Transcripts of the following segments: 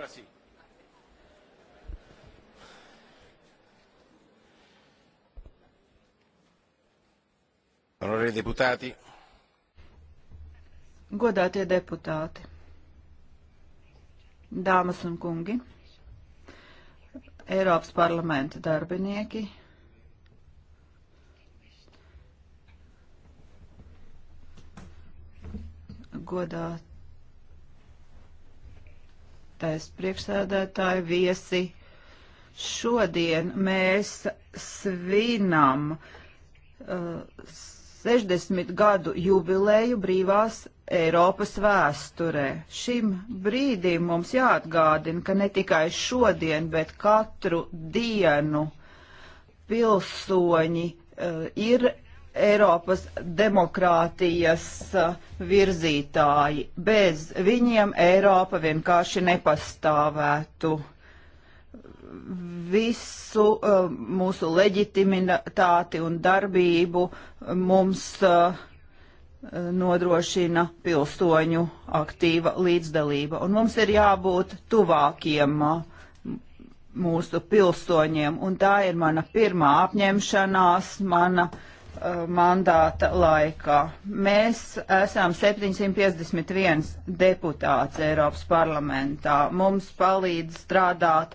Ahora sí. Onorevoli deputāti. Godātie deputāti, dāmas un kungi, Eiropas parlamenta darbinieki, godāt Godātais priekšsēdētāji viesi, šodien mēs svinam uh, 60 gadu jubileju brīvās Eiropas vēsturē. Šim brīdim mums jāatgādina, ka ne tikai šodien, bet katru dienu pilsoņi uh, ir Eiropas demokrātijas uh, virzītāji. Bez viņiem Eiropa vienkārši nepastāvētu. Visu uh, mūsu leģitimitāti un darbību uh, mums uh, nodrošina pilsoņu aktīva līdzdalība. Un mums ir jābūt tuvākiem uh, mūsu pilsoņiem, un tā ir mana pirmā apņemšanās, mana uh, Uh, mandāta laikā. Mēs esam 751 deputāts Eiropas parlamentā. Mums palīdz strādāt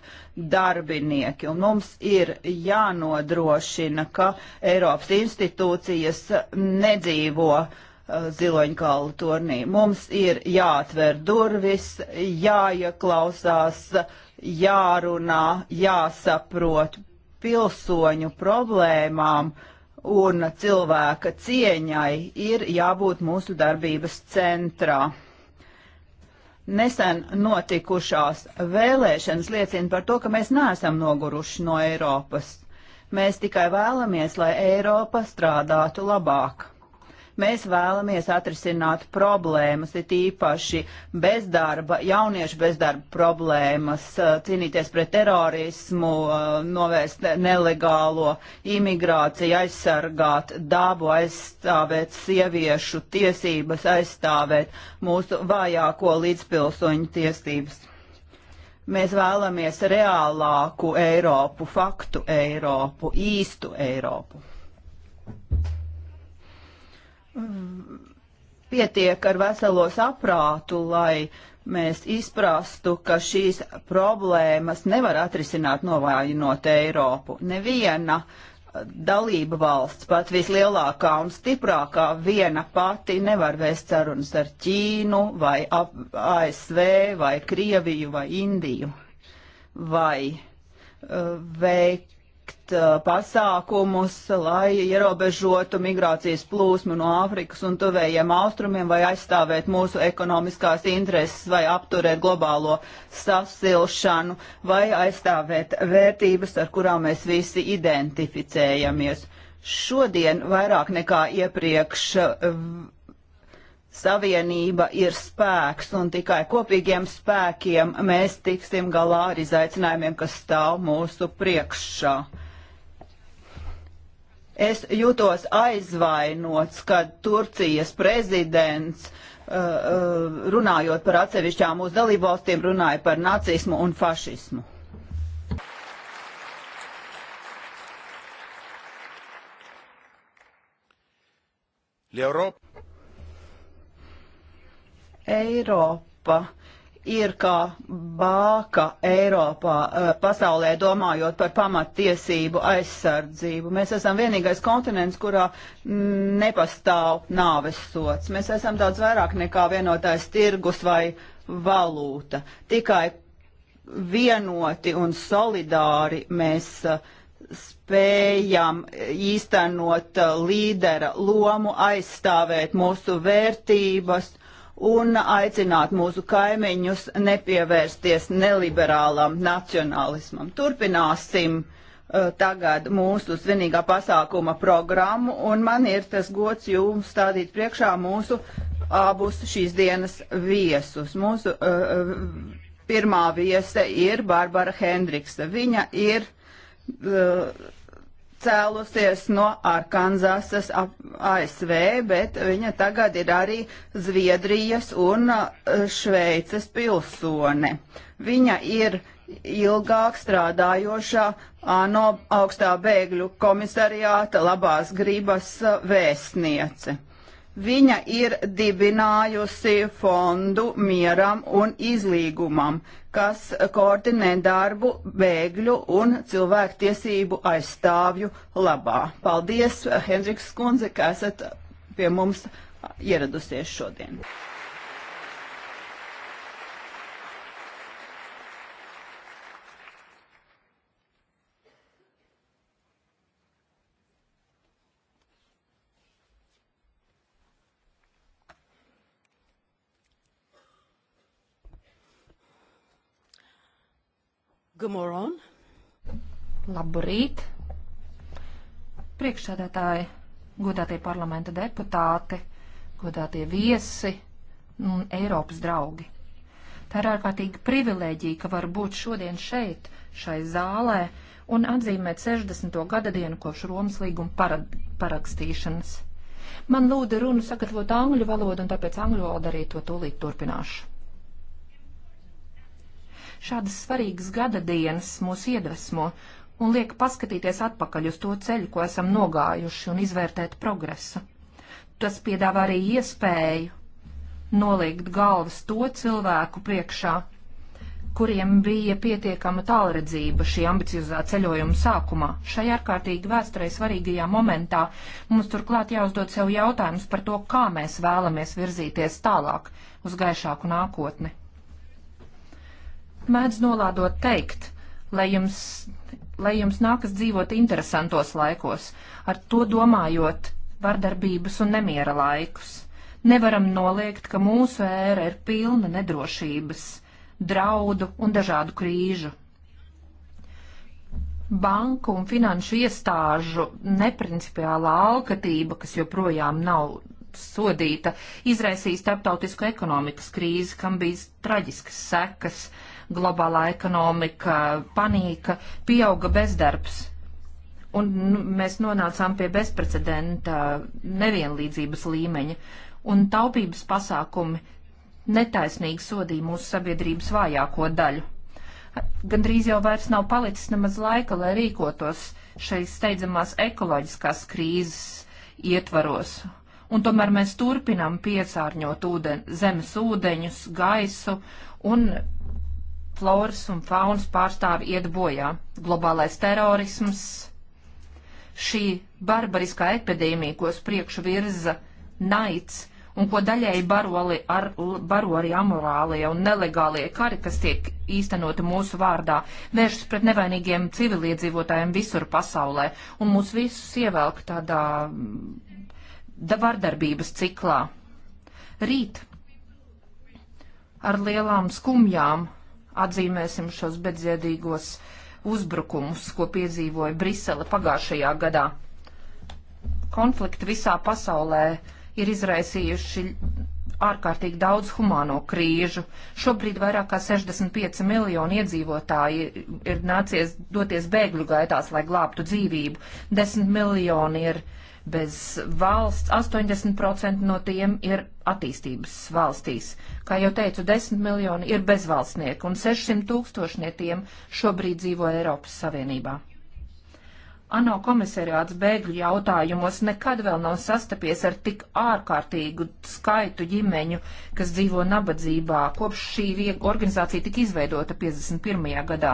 darbinieki, un mums ir jānodrošina, ka Eiropas institūcijas nedzīvo uh, ziloņkalu turnī. Mums ir jāatver durvis, jāieklausās, jārunā, jāsaprot pilsoņu problēmām, uh, un cilvēka cieņai ir jābūt mūsu darbības centrā. Nesen notikušās vēlēšanas liecina par to, ka mēs neesam noguruši no Eiropas. Mēs tikai vēlamies, lai Eiropa strādātu labāk. Mēs vēlamies atrisināt problēmas, it īpaši bezdarba, jauniešu bezdarba problēmas, eh, cīnīties pret terorismu, eh, novērst nelegālo imigrāciju, aizsargāt dabu, aizstāvēt sieviešu tiesības, aizstāvēt mūsu vājāko līdzpilsoņu tiesības. Mēs vēlamies reālāku Eiropu, faktu Eiropu, īstu Eiropu pietiek ar veselo saprātu, lai mēs izprastu, ka šīs problēmas nevar atrisināt novājinot Eiropu. Neviena eh, dalība valsts, pat vislielākā un stiprākā, viena pati nevar vēst sarunas ar Ķīnu vai ASV vai Krieviju vai Indiju vai uh, eh, veikt veikt uh, pasākumus, lai ierobežotu migrācijas plūsmu no Āfrikas un tuvējiem austrumiem, vai aizstāvēt mūsu ekonomiskās intereses, vai apturēt globālo sasilšanu, vai aizstāvēt vērtības, ar kurām mēs visi identificējamies. Šodien vairāk nekā iepriekš Savienība ir spēks, un tikai kopīgiem spēkiem mēs tiksim galā ar izaicinājumiem, kas stāv mūsu priekšā. Es jūtos aizvainots, kad Turcijas prezidents uh, uh, runājot par atsevišķām mūsu dalībvalstīm, runāja par nacismu un fašismu. Europa. Eiropa ir kā bāka Eiropā, eh, pasaulē domājot par pamattiesību aizsardzību. Mēs esam vienīgais kontinents, kurā mm, nepastāv nāves sots. Mēs esam daudz vairāk nekā vienotais tirgus vai valūta. Tikai vienoti un solidāri mēs eh, spējam īstenot eh, līdera lomu, aizstāvēt mūsu vērtības, uh, un aicināt mūsu kaimiņus nepievērsties neliberālam nacionālismam. Turpināsim uh, tagad mūsu svinīgā pasākuma programmu, un man ir tas gods jums stādīt priekšā mūsu abus šīs dienas viesus. Mūsu uh, uh pirmā viese ir Barbara Hendriksa. Viņa ir uh, cēlusies no Arkanzasas ASV, bet viņa tagad ir arī Zviedrijas un Šveices pilsone. Viņa ir ilgāk strādājošā ANO augstā bēgļu komisariāta labās gribas vēstniece. Viņa ir dibinājusi fondu mieram un izlīgumam, kas koordinē darbu bēgļu un cilvēktiesību aizstāvju labā. Paldies, Henriks Skundze, ka esat pie mums ieradusies šodien. Gamoron. Labrīt. Priekšsēdētāji, godātie parlamenta deputāti, godātie viesi un Eiropas draugi. Tā ir ārkārtīgi privilēģija, ka var būt šodien šeit, šai zālē, un atzīmēt 60. gadadienu kopš Romas līguma parad, parakstīšanas. Man lūda runu sagatavot angļu valodu, un tāpēc angļu valodu arī to tūlīt turpināšu. Šādas svarīgas gada dienas mūs iedvesmo un liek paskatīties atpakaļ uz to ceļu, ko esam nogājuši un izvērtēt progresu. Tas piedāvā arī iespēju nolikt galvas to cilvēku priekšā, kuriem bija pietiekama tālredzība šī ambiciozā ceļojuma sākumā. Šajā ārkārtīgi vēsturē svarīgajā momentā mums turklāt jāuzdod sev jautājums par to, kā mēs vēlamies virzīties tālāk uz gaišāku nākotni mēdz nolādot teikt, lai jums, lai jums nākas dzīvot interesantos laikos, ar to domājot vardarbības un nemiera laikus. Nevaram noliegt, ka mūsu ēra ir pilna nedrošības, draudu un dažādu krīžu banku un finanšu iestāžu neprincipiālā alkatība, kas joprojām nav sodīta, izraisīja starptautisku ekonomikas krīzi, kam bija traģiskas sekas globālā ekonomika panika, pieauga bezdarbs. Un nu, mēs nonācām pie bezprecedenta nevienlīdzības līmeņa. Un taupības pasākumi netaisnīgi sodīja mūsu sabiedrības vājāko daļu. Gandrīz jau vairs nav palicis nemaz laika, lai rīkotos šeit steidzamās ekoloģiskās krīzes ietvaros un tomēr mēs turpinām piesārņot ūden, zemes ūdeņus, gaisu un floras un faunas pārstāvi iet bojā. Globālais terorisms, šī barbariskā epidēmija, ko uz priekšu virza naids un ko daļēji baro, ar, baro arī amorālie un nelegālie kari, kas tiek īstenoti mūsu vārdā, vēršas pret nevainīgiem civiliedzīvotājiem visur pasaulē un mūs visus ievelk tādā mm, vardarbības ciklā. Rīt ar lielām skumjām atzīmēsim šos bezjēdīgos uzbrukumus, ko piedzīvoja Brisele pagājušajā gadā. Konflikti visā pasaulē ir izraisījuši ārkārtīgi daudz humāno krīžu. Šobrīd vairāk kā 65 miljoni iedzīvotāji ir nācies doties bēgļu gaitās, lai glābtu dzīvību. 10 miljoni ir uh, bez valsts, 80% no tiem ir attīstības valstīs. Kā jau teicu, 10 miljoni ir bezvalstnieki un 600 tūkstošiem šobrīd dzīvo Eiropas Savienībā. ANO komisariāts bēgļu jautājumos nekad vēl nav sastapies ar tik ārkārtīgu skaitu ģimeņu, kas dzīvo nabadzībā, kopš šī organizācija tika izveidota 51. gadā.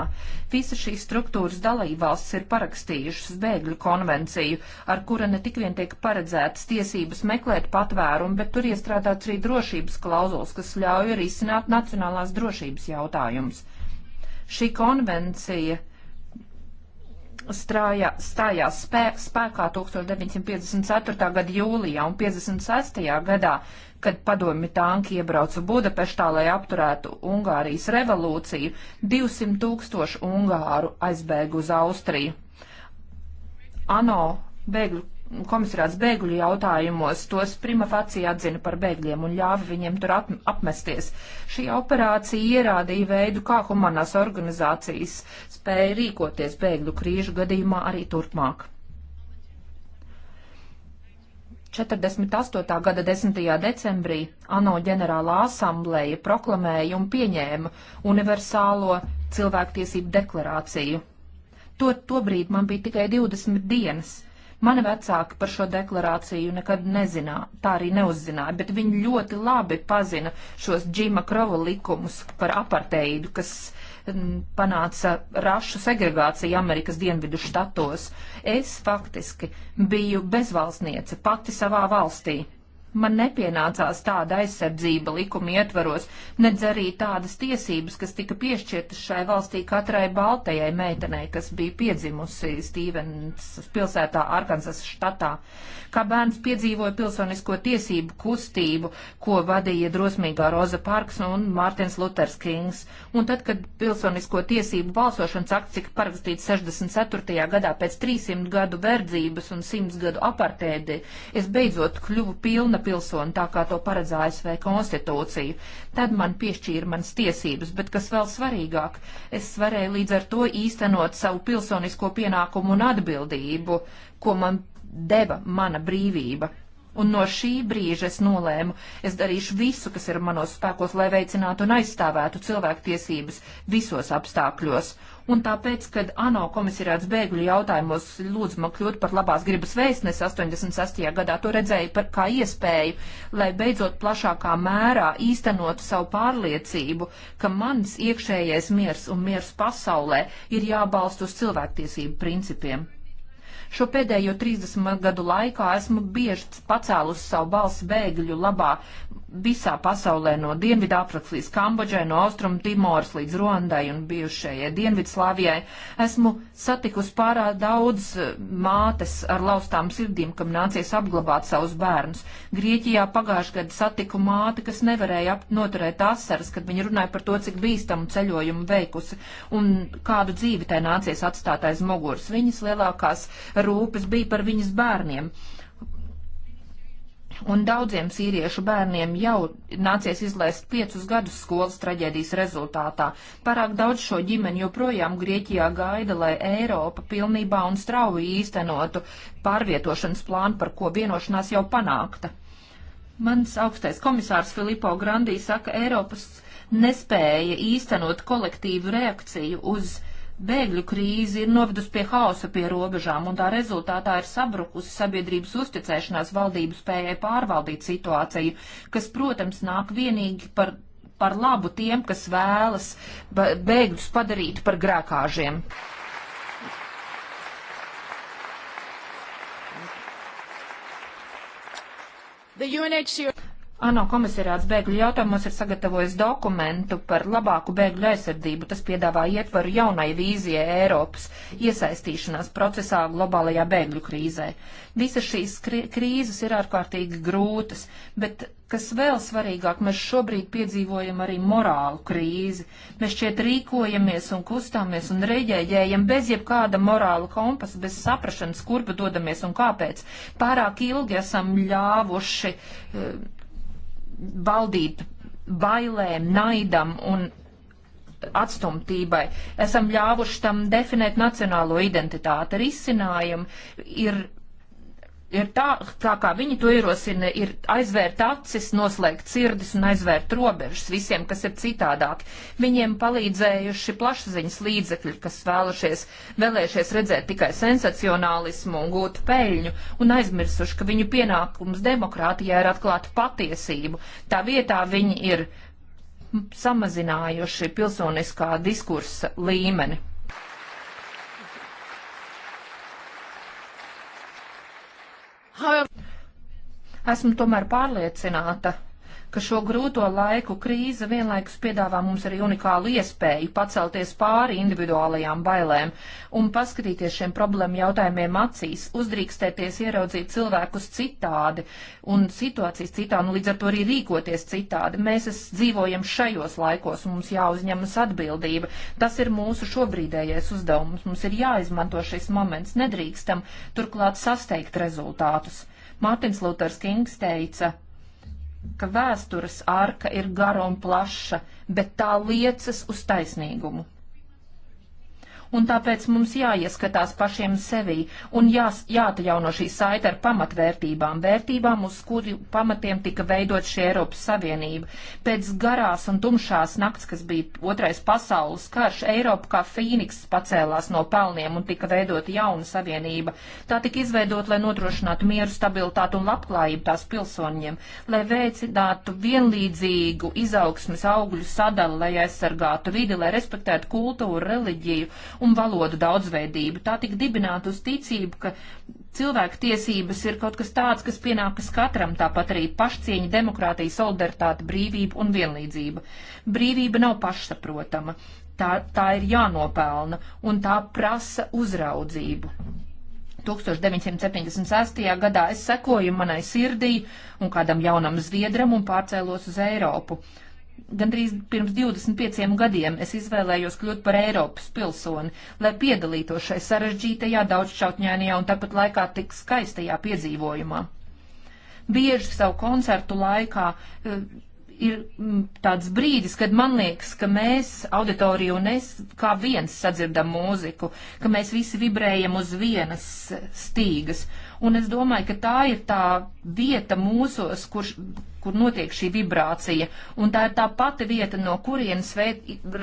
Visa šīs struktūras dalībvalsts ir parakstījušas bēgļu konvenciju, ar kura ne tik vien tiek paredzētas tiesības meklēt patvērumu, bet tur iestrādāts arī drošības klauzulas, kas ļauj arī izsināt nacionālās drošības jautājumus. Šī konvencija strājā, stājās spē, spēkā 1954. gada jūlijā un 56. gadā, kad padomi tanki iebrauca Budapeštā, lai apturētu Ungārijas revolūciju, 200 tūkstoši Ungāru aizbēga uz Austriju. ANO bēgļu komisarāts bēgļu jautājumos tos prima facie atzina par bēgļiem un ļāva viņiem tur apmesties. Šī operācija ierādīja veidu, kā humanās organizācijas spēja rīkoties bēgļu krīžu gadījumā arī turpmāk. 48. gada 10. decembrī ANO ģenerālā asambleja proklamēja un pieņēma universālo cilvēktiesību deklarāciju. To, to brīdi man bija tikai 20 dienas Mani vecāki par šo deklarāciju nekad nezināja, tā arī neuzzināja, bet viņi ļoti labi pazina šos Džima Krova likumus par aparteidu, kas mm, panāca rašu segregāciju Amerikas dienvidu štatos. Es faktiski biju bezvalstniece pati savā valstī. Man nepienācās tāda aizsardzība likuma ietvaros, nedz arī tādas tiesības, kas tika piešķirtas šai valstī katrai baltajai meitenei, kas bija piedzimusi Stīvens pilsētā Arkansas štatā. Kā bērns piedzīvoja pilsonisko tiesību kustību, ko vadīja drosmīgā Roza Parks un Mārtins Luters Kings. Un tad, kad pilsonisko tiesību balsošanas akts tika parakstīts 64. gadā pēc 300 gadu verdzības un 100 gadu apartēdi, es beidzot kļuvu pilna pilsoni, tā kā to paredz ASV konstitūcija. Tad man piešķīra manas tiesības, bet kas vēl svarīgāk, es varēju līdz ar to īstenot savu pilsonisko pienākumu un atbildību, ko man deva mana brīvība. Un no šī brīža es nolēmu, es darīšu visu, kas ir manos spēkos, lai veicinātu un aizstāvētu cilvēktiesības visos apstākļos un tāpēc, kad ANO komisirāts bēgļu jautājumos lūdz man kļūt par labās gribas vēstnesi 86. gadā, to redzēju par, kā iespēju, lai beidzot plašākā mērā īstenotu savu pārliecību, ka mans iekšējais miers un miers pasaulē ir jābalst uz cilvēktiesību principiem. Šo pēdējo 30 gadu laikā esmu bieži pacēlusi savu balsi bēgļu labā, visā pasaulē, no Dienvidāfrikas līdz Kambodžai, no Austrum Timoras līdz Ruandai un bijušajai Dienvidslāvijai, esmu satikusi pārāk daudz eh, mātes ar laustām sirdīm, kam nācies apglabāt savus bērnus. Grieķijā pagājušajā gadā satiku māti, kas nevarēja noturēt asaras, kad viņa runāja par to, cik bīstamu ceļojumu veikusi un kādu dzīvi tai nācies atstāt aiz muguras. Viņas lielākās rūpes bija par viņas bērniem. Uh, un daudziem sīriešu bērniem jau nācies izlaist piecus gadus skolas traģēdijas rezultātā. Parāk daudz šo ģimeni joprojām Grieķijā gaida, lai Eiropa pilnībā un strauji īstenotu pārvietošanas plānu, par ko vienošanās jau panākta. Mans augstais komisārs Filipo Grandī saka, Eiropas nespēja īstenot kolektīvu reakciju uz Bēgļu krīze ir novedusi pie hausa pie robežām, un tā rezultātā ir sabrukusi sabiedrības uzticēšanās valdību spējai pārvaldīt situāciju, kas, protams, nāk vienīgi par, par labu tiem, kas vēlas bēgļus padarīt par grēkāžiem. The UNHCR ANO komisariāts bēgļu jautājumos ir sagatavojis dokumentu par labāku bēgļu aizsardzību. Tas piedāvā ietvaru jaunai vīzijai Eiropas iesaistīšanās procesā globālajā bēgļu krīzē. Visas šīs krīzes ir ārkārtīgi grūtas, bet, kas vēl svarīgāk, mēs šobrīd piedzīvojam arī morālu krīzi. Mēs šeit rīkojamies un kustāmies un reģēģējam bez jebkāda morāla kompasa, bez saprašanas, kurpa dodamies un kāpēc. Pārāk ilgi esam ļāvuši. Uh, valdīt bailēm, naidam un atstumtībai. Esam ļāvuši tam definēt nacionālo identitāti. Risinājumi ir ir tā, tā kā viņi to ierosina, ir aizvērt acis, noslēgt sirdis un aizvērt robežas visiem, kas ir citādāk. Viņiem palīdzējuši plašsaziņas līdzekļi, kas vēlušies, vēlējušies redzēt tikai sensacionālismu un gūt peļņu un aizmirsuši, ka viņu pienākums demokrātijā ir atklāt patiesību. Tā vietā viņi ir samazinājuši pilsoniskā diskursa līmeni. Esmu tomēr pārliecināta, ka šo grūto laiku krīze vienlaikus piedāvā mums arī unikālu iespēju pacelties pāri individuālajām bailēm un paskatīties šiem problēmu jautājumiem acīs, uzdrīkstēties ieraudzīt cilvēkus citādi un situācijas citādi, un nu, līdz ar to arī rīkoties citādi. Mēs dzīvojam šajos laikos, un mums jāuzņemas atbildība. Tas ir mūsu šobrīdējais uzdevums. Mums ir jāizmanto šis moments. Nedrīkstam turklāt sasteigt rezultātus. Mārtiņš Luters Kings teica, ka vēstures arka ir gara un plaša, bet tā liecas uz taisnīgumu un tāpēc mums jāieskatās pašiem sevī un jās, jāatjauno šī saita ar pamatvērtībām, vērtībām, uz kuru pamatiem tika veidot šī Eiropas Savienība. Pēc garās un tumšās nakts, kas bija otrais pasaules karš, Eiropa kā fīniks pacēlās no pelniem un tika veidota jauna savienība. Tā tika izveidot, lai nodrošinātu mieru, stabilitātu un labklājību tās pilsoņiem, lai veicinātu vienlīdzīgu izaugsmes augļu sadalu, lai aizsargātu vidi, lai respektētu kultūru, reliģiju un valodu daudzveidību. Tā tik dibināta uz ticību, ka cilvēku tiesības ir kaut kas tāds, kas pienākas katram, tāpat arī pašcieņa, demokrātija, solidaritāte, brīvība un vienlīdzība. Brīvība nav pašsaprotama. Tā, tā ir jānopelna un tā prasa uzraudzību. 1976. gadā es sekoju manai sirdī un kādam jaunam zviedram un pārcēlos uz Eiropu gandrīz pirms 25 gadiem es izvēlējos kļūt par Eiropas pilsoni, lai piedalītos šai sarežģītajā, daudzšķautņainajā un tāpat laikā tik skaistajā piedzīvojumā. Bieži savu koncertu laikā eh, ir mm, tāds brīdis, kad man liekas, ka mēs, auditorija un es, kā viens sadzirdam mūziku, ka mēs visi vibrējam uz vienas stīgas Un es domāju, ka tā ir tā vieta mūsos, kur, kur notiek šī vibrācija. Un tā ir tā pati vieta, no kurienes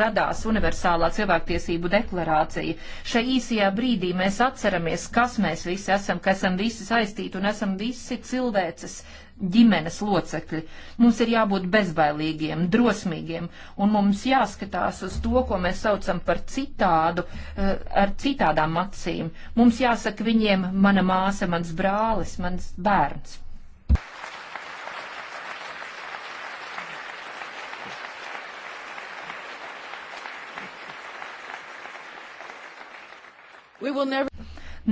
radās universālā cilvēktiesību deklarācija. Šai īsajā brīdī mēs atceramies, kas mēs visi esam, ka esam visi saistīti un esam visi cilvēces ģimenes locekļi. Mums ir jābūt bezbailīgiem, drosmīgiem, un mums jāskatās uz to, ko mēs saucam par citādu, eh, ar citādām acīm. Mums jāsaka viņiem, mana māsa, mans brālis, mans bērns. Never...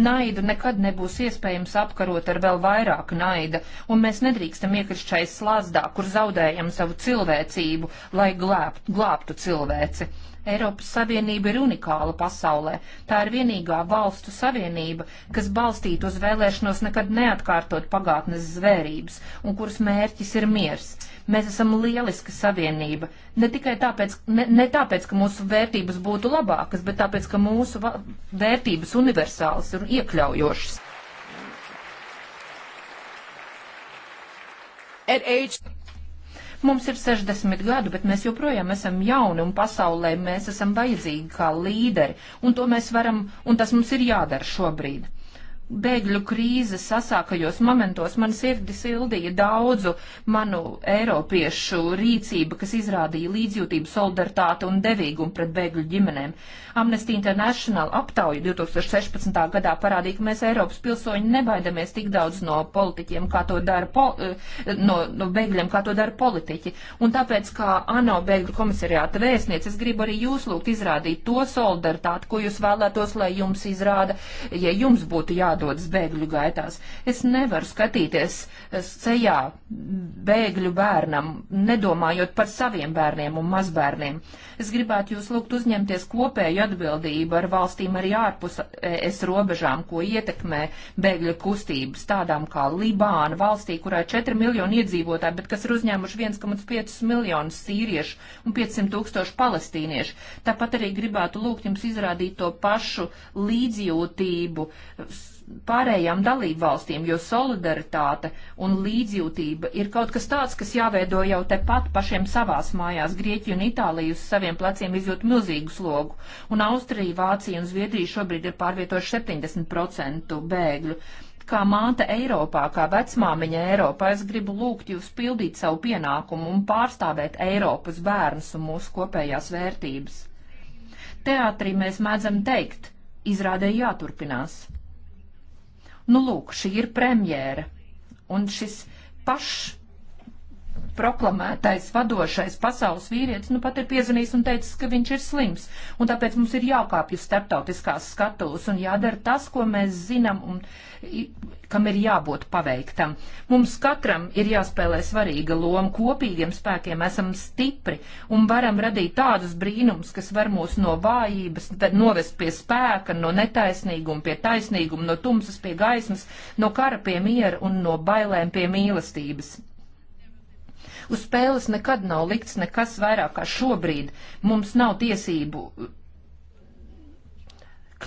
Naidu nekad nebūs iespējams apkarot ar vēl vairāk naida, un mēs nedrīkstam iekrist šai slazdā, kur zaudējam savu cilvēcību, lai glābt, glābtu cilvēci. Eiropas Savienība ir unikāla pasaulē. Tā ir vienīgā valstu savienība, kas balstīta uz vēlēšanos nekad neatkārtot pagātnes zvērības un kuras mērķis ir miers. Mēs esam lieliska savienība. Ne tikai tāpēc, ne, ne tāpēc, ka mūsu vērtības būtu labākas, bet tāpēc, ka mūsu vērtības universālas un iekļaujošas. At age Mums ir 60 gadu, bet mēs joprojām esam jauni un pasaulē mēs esam vajadzīgi kā līderi, un to mēs varam, un tas mums ir jādara šobrīd bēgļu krīzes sasākajos momentos man sirdi sildīja daudzu manu eiropiešu rīcību, kas izrādīja līdzjūtību, solidaritāti un devīgumu pret bēgļu ģimenēm. Amnesty International aptauja 2016. gadā parādīja, ka mēs Eiropas pilsoņi nebaidamies tik daudz no politiķiem, kā to dara, po, eh, no, no bēgļiem, kā to dara politiķi. Un tāpēc, kā ANO bēgļu komisariāta vēstniece, es gribu arī jūs lūgt izrādīt to solidaritāti, ko jūs vēlētos, lai jums izrāda, ja jums būtu jādara jādodas bēgļu gaitās. Es nevaru skatīties eh, sejā bēgļu bērnam, nedomājot par saviem bērniem un mazbērniem. Es gribētu jūs lūgt uzņemties kopēju atbildību ar valstīm arī ārpus es robežām, ko ietekmē bēgļu kustības, tādām kā Libāna valstī, kurā ir 4 miljoni iedzīvotāji, bet kas ir uzņēmuši 1,5 miljonus sīriešu un 500 tūkstošu palestīniešu. Tāpat arī gribētu lūgt jums izrādīt to pašu līdzjūtību pārējām dalību valstīm, jo solidaritāte un līdzjūtība ir kaut kas tāds, kas jāveido jau tepat pašiem savās mājās. Grieķija un Itālija uz saviem pleciem izjūt milzīgu slogu, un Austrija, Vācija un Zviedrija šobrīd ir pārvietojuši 70% bēgļu. Kā māte Eiropā, kā vecmāmiņa Eiropā, es gribu lūgt jūs pildīt savu pienākumu un pārstāvēt Eiropas bērnus un mūsu kopējās vērtības. Teātrī mēs mēdzam teikt, izrādē jāturpinās. Nu, lūk, šī ir premjēra. Un šis pašs proklamētais vadošais pasaules vīrietis nu pat ir piezvanījis un teicis, ka viņš ir slims. Un tāpēc mums ir jākāpj uz starptautiskās skatuves un jādara tas, ko mēs zinām un kam ir jābūt paveiktam. Mums katram ir jāspēlē svarīga loma. Kopīgiem spēkiem esam stipri un varam radīt tādus brīnums, kas var mūs no vājības novest pie spēka, no netaisnīguma pie taisnīguma, no tumsas pie gaismas, no kara pie miera un no bailēm pie mīlestības. Uz spēles nekad nav likts nekas vairāk kā šobrīd. Mums nav tiesību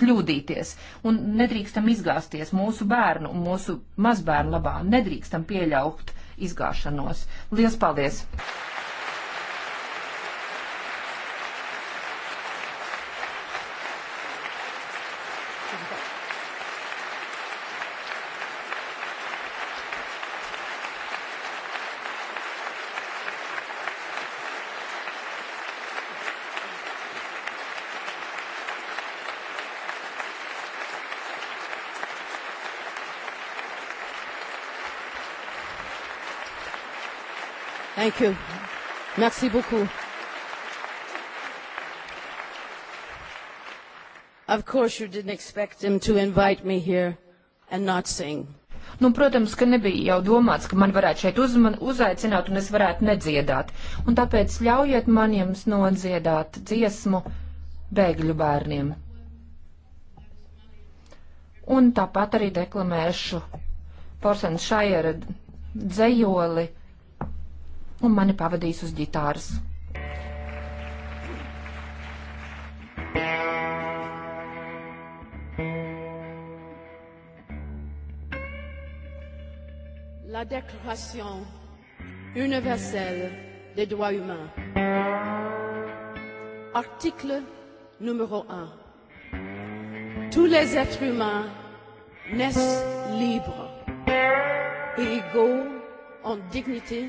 kļūdīties un nedrīkstam izgāzties mūsu bērnu un mūsu mazbērnu labā. Nedrīkstam pieļaut izgāšanos. Lielas paldies! Thank you. Merci beaucoup. Of course you didn't expect him to invite me here and not sing. Nu, protams, ka nebija jau domāts, ka man varētu šeit uzman, uzaicināt un es varētu nedziedāt. Un tāpēc ļaujiet man jums nodziedāt dziesmu bēgļu bērniem. Un tāpat arī deklamēšu Porsens Šajera dzējoli un mani pavadīs uz ģitāras. La Déclaration universelle des droits humains. Article numéro 1. Tous les êtres humains naissent libres et égaux en dignité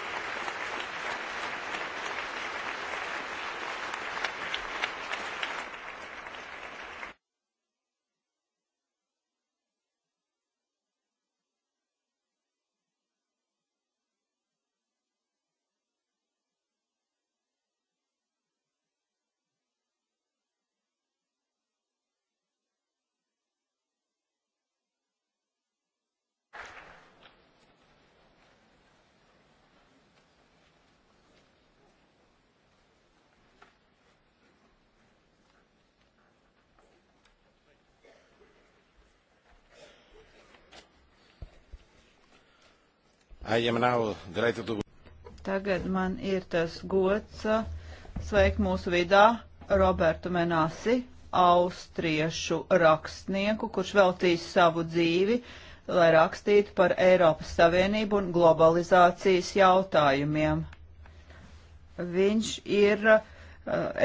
Tagad man ir tas gods uh, sveikt mūsu vidā Robertu Menasi, austriešu rakstnieku, kurš veltīs savu dzīvi, lai rakstītu par Eiropas Savienību un globalizācijas jautājumiem. Viņš ir uh,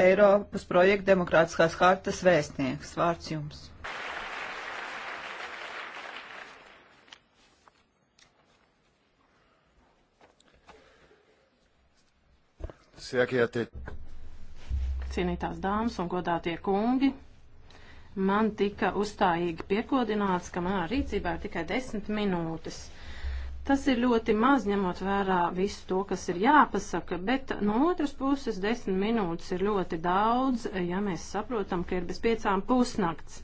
Eiropas projekta demokrātiskās hartas vēstnieks. Vārds jums! Sehr geehrte cienītās dāmas un godātie kungi, man tika uzstājīgi piekodināts, ka manā rīcībā ir tikai desmit minūtes. Tas ir ļoti maz ņemot vērā visu to, kas ir jāpasaka, bet no otras puses desmit minūtes ir ļoti daudz, ja mēs saprotam, ka ir bez piecām pusnakts.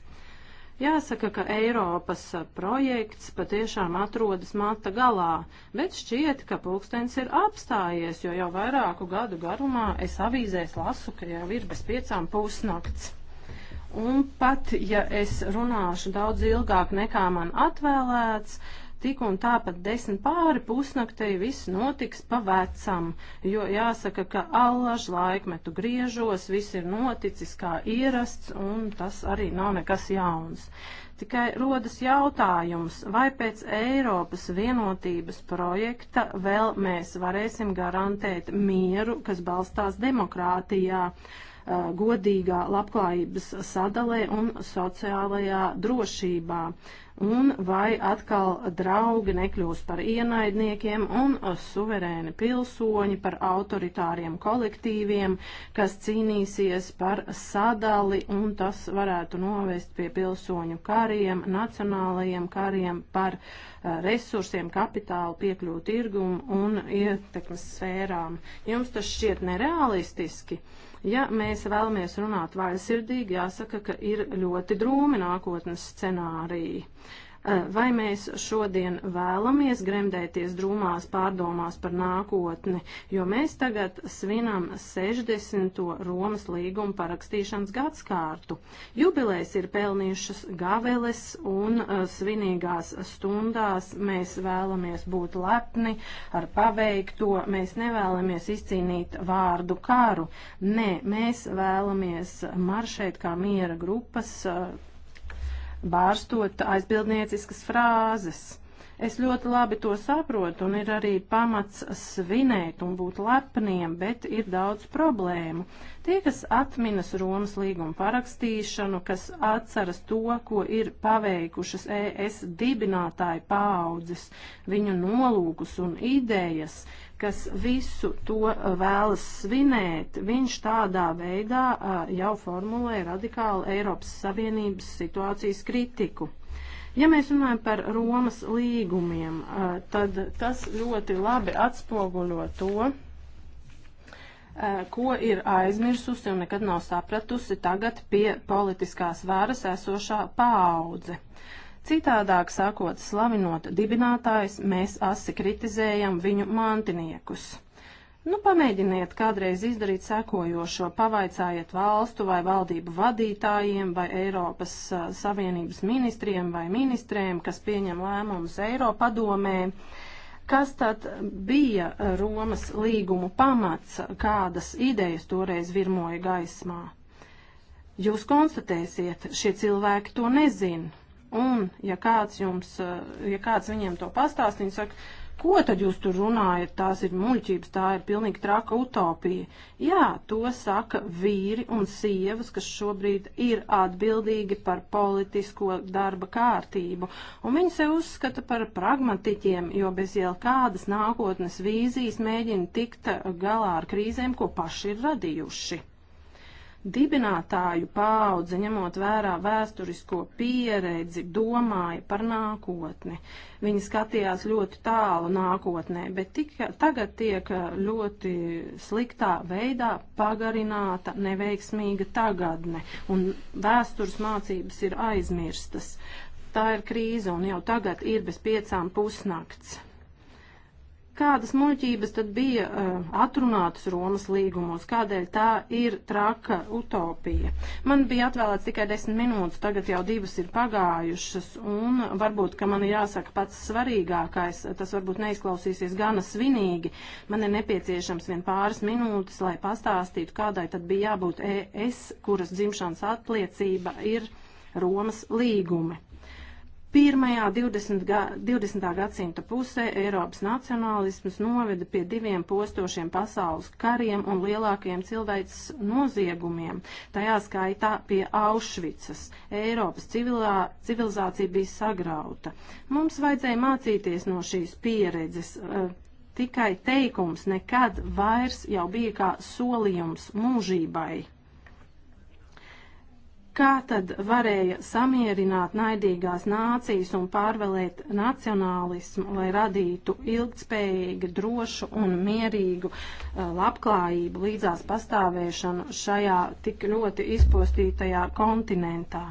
Jāsaka, ka Eiropas projekts patiešām atrodas mata galā, bet šķiet, ka pulkstens ir apstājies, jo jau vairāku gadu garumā es avīzēs lasu, ka jau ir bez piecām pusnakts. Un pat, ja es runāšu daudz ilgāk nekā man atvēlēts, uh, tik un tāpat desmit pāri pusnaktī viss notiks pa vecam, jo jāsaka, ka allaž laikmetu griežos, viss ir noticis kā ierasts, un tas arī nav nekas jauns. Tikai rodas jautājums, vai pēc Eiropas vienotības projekta vēl mēs varēsim garantēt mieru, kas balstās demokrātijā godīgā labklājības sadalē un sociālajā drošībā un vai atkal draugi nekļūs par ienaidniekiem un uh, suverēni pilsoņi par autoritāriem kolektīviem, kas cīnīsies par sadali un tas varētu novest pie pilsoņu kariem, nacionālajiem kariem par uh, resursiem, kapitālu, piekļūt tirgumu un ietekmes sfērām. Jums tas šķiet nereālistiski? Uh, Ja mēs vēlamies runāt vaļsirdīgi, jāsaka, ka ir ļoti drūmi nākotnes scenāriji. Uh, Eh, vai mēs šodien vēlamies gremdēties drūmās pārdomās par nākotni, jo mēs tagad svinam 60. Romas līguma parakstīšanas gadskārtu. Jubilēs ir pelnījušas gaveles un eh, svinīgās stundās mēs vēlamies būt lepni ar paveikto, mēs nevēlamies izcīnīt vārdu karu. Nē, mēs vēlamies maršēt kā miera grupas eh, bārstot aizbildnieciskas frāzes. Es ļoti labi to saprotu, un ir arī pamats svinēt un būt lepniem, bet ir daudz problēmu. Tie, kas atminas Romas līgumu parakstīšanu, kas atceras to, ko ir paveikušas ES dibinātāju paaudzes, viņu nolūkus un idejas, uh, kas visu to uh, vēlas svinēt, viņš tādā veidā uh, jau formulē radikālu Eiropas Savienības situācijas kritiku. Ja mēs runājam par Romas līgumiem, uh, tad tas ļoti labi atspoguļo to, ko ir aizmirsusi un nekad nav sapratusi tagad pie politiskās varas esošā paudze. Citādāk sakot, slavinot dibinātājs, mēs asi kritizējam viņu mantiniekus. Nu, pamēģiniet kādreiz izdarīt sekojošo, pavaicājiet valstu vai valdību vadītājiem vai Eiropas uh, Savienības ministriem vai ministrēm, kas pieņem lēmumus Eiropadomē, kas tad bija Romas līgumu pamats, kādas idejas toreiz virmoja gaismā. Jūs konstatēsiet, šie cilvēki to nezina Un, ja kāds jums, eh, ja kāds viņiem to pastāst, viņi saka, ko tad jūs tur runājat, tās ir muļķības, tā ir pilnīgi traka utopija. Jā, to saka vīri un sievas, kas šobrīd ir atbildīgi par politisko darba kārtību. Un viņi sev uzskata par pragmatiķiem, jo bez jau kādas nākotnes vīzijas mēģina tikt galā ar krīzēm, ko paši ir radījuši. Dibinātāju paudze, ņemot vērā vēsturisko pieredzi, domāja par nākotni. Viņi skatījās ļoti tālu nākotnē, bet tika, tagad tiek ļoti sliktā veidā pagarināta neveiksmīga tagadne, un vēstures mācības ir aizmirstas. Tā ir krīze, un jau tagad ir bez piecām pusnakts. Kādas muļķības tad bija uh, atrunātas Romas līgumos? Kādēļ tā ir traka utopija? Man bija atvēlēts tikai desmit minūtes, tagad jau divas ir pagājušas, un varbūt, ka man ir jāsaka pats svarīgākais, tas varbūt neizklausīsies gana svinīgi. Man ir nepieciešams vien pāris minūtes, lai pastāstītu, kādai tad bija jābūt ES, kuras dzimšanas atliecība ir Romas līgumi. Pirmajā 20. Ga, 20. gadsimta pusē Eiropas nacionālisms noveda pie diviem postošiem pasaules kariem un lielākiem cilvēks noziegumiem, tajā skaitā pie Aušvicas. Eiropas civilā, civilizācija bija sagrauta. Mums vajadzēja mācīties no šīs pieredzes. Eh, tikai teikums nekad vairs jau bija kā solījums mūžībai. Kā tad varēja samierināt naidīgās nācijas un pārvalēt nacionālismu, lai radītu ilgtspējīgu, drošu un mierīgu eh, labklājību līdzās pastāvēšanu šajā tik ļoti izpostītajā kontinentā?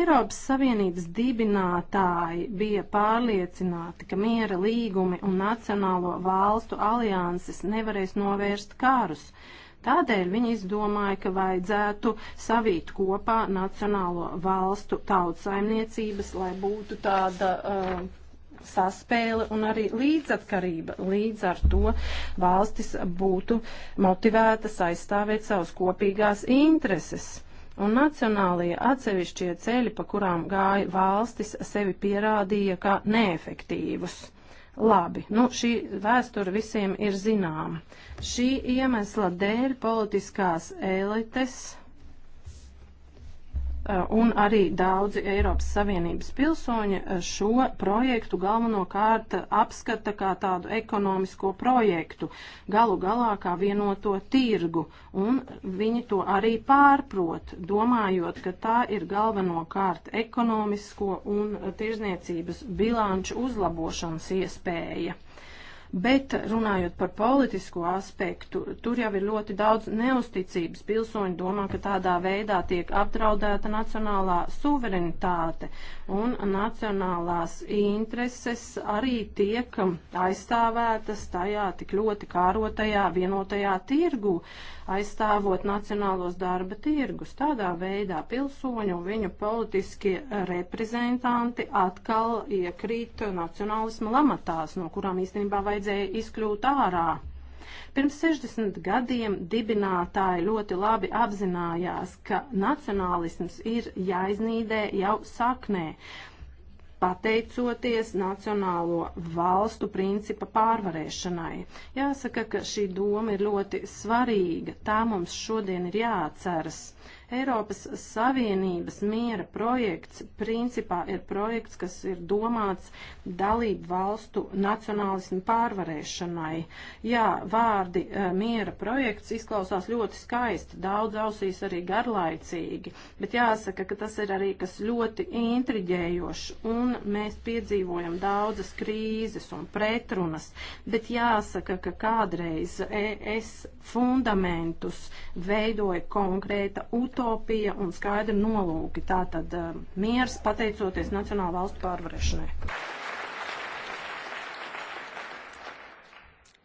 Eiropas Savienības dibinātāji bija pārliecināti, ka miera līgumi un Nacionālo valstu alianses nevarēs novērst kārus. Tādēļ viņi izdomāja, ka vajadzētu savīt kopā nacionālo valstu tautsaimniecības, lai būtu tāda. Uh, saspēle un arī līdzatkarība. Līdz ar to valstis būtu motivētas aizstāvēt savus kopīgās intereses. Un nacionālie atsevišķie ceļi, pa kurām gāja valstis, sevi pierādīja kā neefektīvus. Labi, nu šī vēsture visiem ir zināma. Šī iemesla dēļ politiskās elites Eh, un arī daudzi Eiropas Savienības pilsoņi eh, šo projektu galvenokārt apskata kā tādu ekonomisko projektu, galu galā kā vienoto tirgu, un viņi to arī pārprot, domājot, ka tā ir galvenokārt ekonomisko un tirzniecības bilanču uzlabošanas iespēja. Bet runājot par politisko aspektu, tur jau ir ļoti daudz neusticības. Pilsoņi domā, ka tādā veidā tiek apdraudēta nacionālā suverenitāte un nacionālās intereses arī tiek aizstāvētas tajā tik ļoti kārotajā vienotajā tirgu. Uh, aizstāvot nacionālos darba tirgus. Tādā veidā pilsoņu un viņu politiskie reprezentanti atkal iekrīt nacionālismu lamatās, no kurām īstenībā vajadzēja izkļūt ārā. Pirms 60 gadiem dibinātāji ļoti labi apzinājās, ka nacionālisms ir jāiznīdē jau saknē pateicoties nacionālo valstu principa pārvarēšanai. Jāsaka, ka šī doma ir ļoti svarīga, tā mums šodien ir jāatceras. Eiropas Savienības miera projekts principā ir projekts, kas ir domāts dalību valstu nacionālismu pārvarēšanai. Jā, vārdi eh, miera projekts izklausās ļoti skaisti, daudz ausīs arī garlaicīgi, bet jāsaka, ka tas ir arī kas ļoti intriģējošs un mēs piedzīvojam daudzas krīzes un pretrunas, bet jāsaka, ka kādreiz ES fundamentus veidoja konkrēta utopija utopija un skaidri nolūki. Tātad eh, miers pateicoties Nacionālu valstu pārvarēšanai.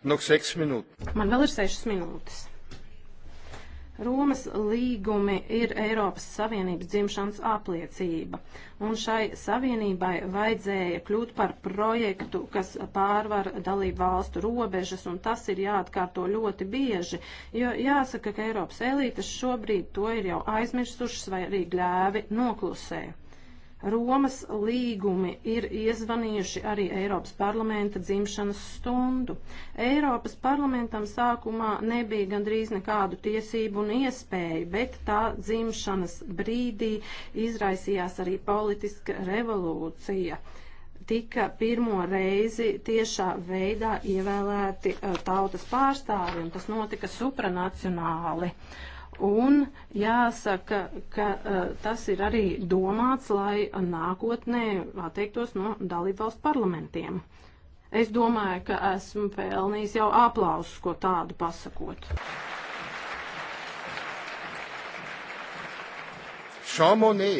Nok nu, 6 minūtes. Man vēl ir 6 minūtes. Romas līgumi ir Eiropas Savienības dzimšanas apliecība, un šai savienībai vajadzēja kļūt par projektu, kas pārvar dalību valstu robežas, un tas ir jāatkārto ļoti bieži, jo jāsaka, ka Eiropas elites šobrīd to ir jau aizmirsušas vai arī gļēvi noklusē. Romas līgumi ir iezvanījuši arī Eiropas parlamenta dzimšanas stundu. Eiropas parlamentam sākumā nebija gandrīz nekādu tiesību un iespēju, bet tā dzimšanas brīdī izraisījās arī politiska revolūcija. Tika pirmo reizi tiešā veidā ievēlēti eh, tautas pārstāvi, un tas notika supranacionāli. Uh, Un jāsaka, ka uh, tas ir arī domāts, lai nākotnē atteiktos no dalībvalstu parlamentiem. Es domāju, ka esmu pelnījis jau aplausus, ko tādu pasakot. Šamonī.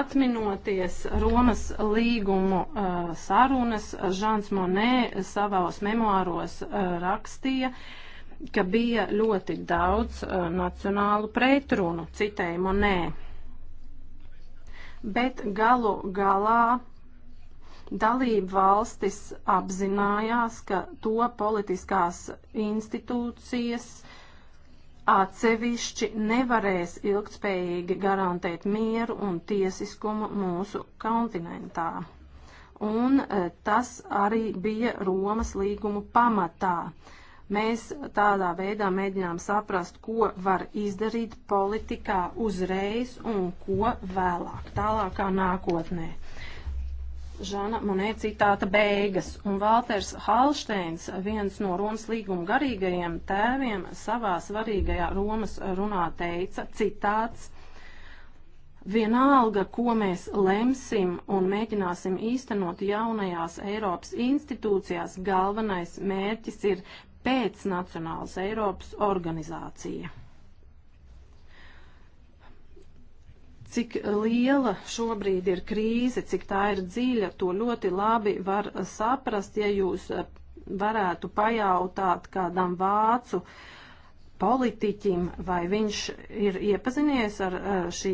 Atminoties Romas līgumu uh, sarunas, Žans Monē savos memoāros uh, rakstīja, uh, ka bija ļoti daudz uh, nacionālu pretrunu, citējumu nē. Bet galu galā dalību valstis apzinājās, ka to politiskās institūcijas atsevišķi nevarēs ilgtspējīgi garantēt mieru un tiesiskumu mūsu kontinentā. Un uh, tas arī bija Romas līgumu pamatā. Uh, Mēs tādā veidā mēģinām saprast, ko var izdarīt politikā uzreiz un ko vēlāk, tālākā nākotnē. Žana Monē citāta beigas, un Valters Halšteins, viens no Romas līguma garīgajiem tēviem, savā svarīgajā Romas runā teica citāts. Vienalga, ko mēs lemsim un mēģināsim īstenot jaunajās Eiropas institūcijās, galvenais mērķis ir pēcnacionāls Eiropas organizācija. Cik liela šobrīd ir krīze, cik tā ir dziļa, to ļoti labi var saprast, ja jūs varētu pajautāt kādam vācu uh, politiķim, vai viņš ir iepazinies ar eh, šī,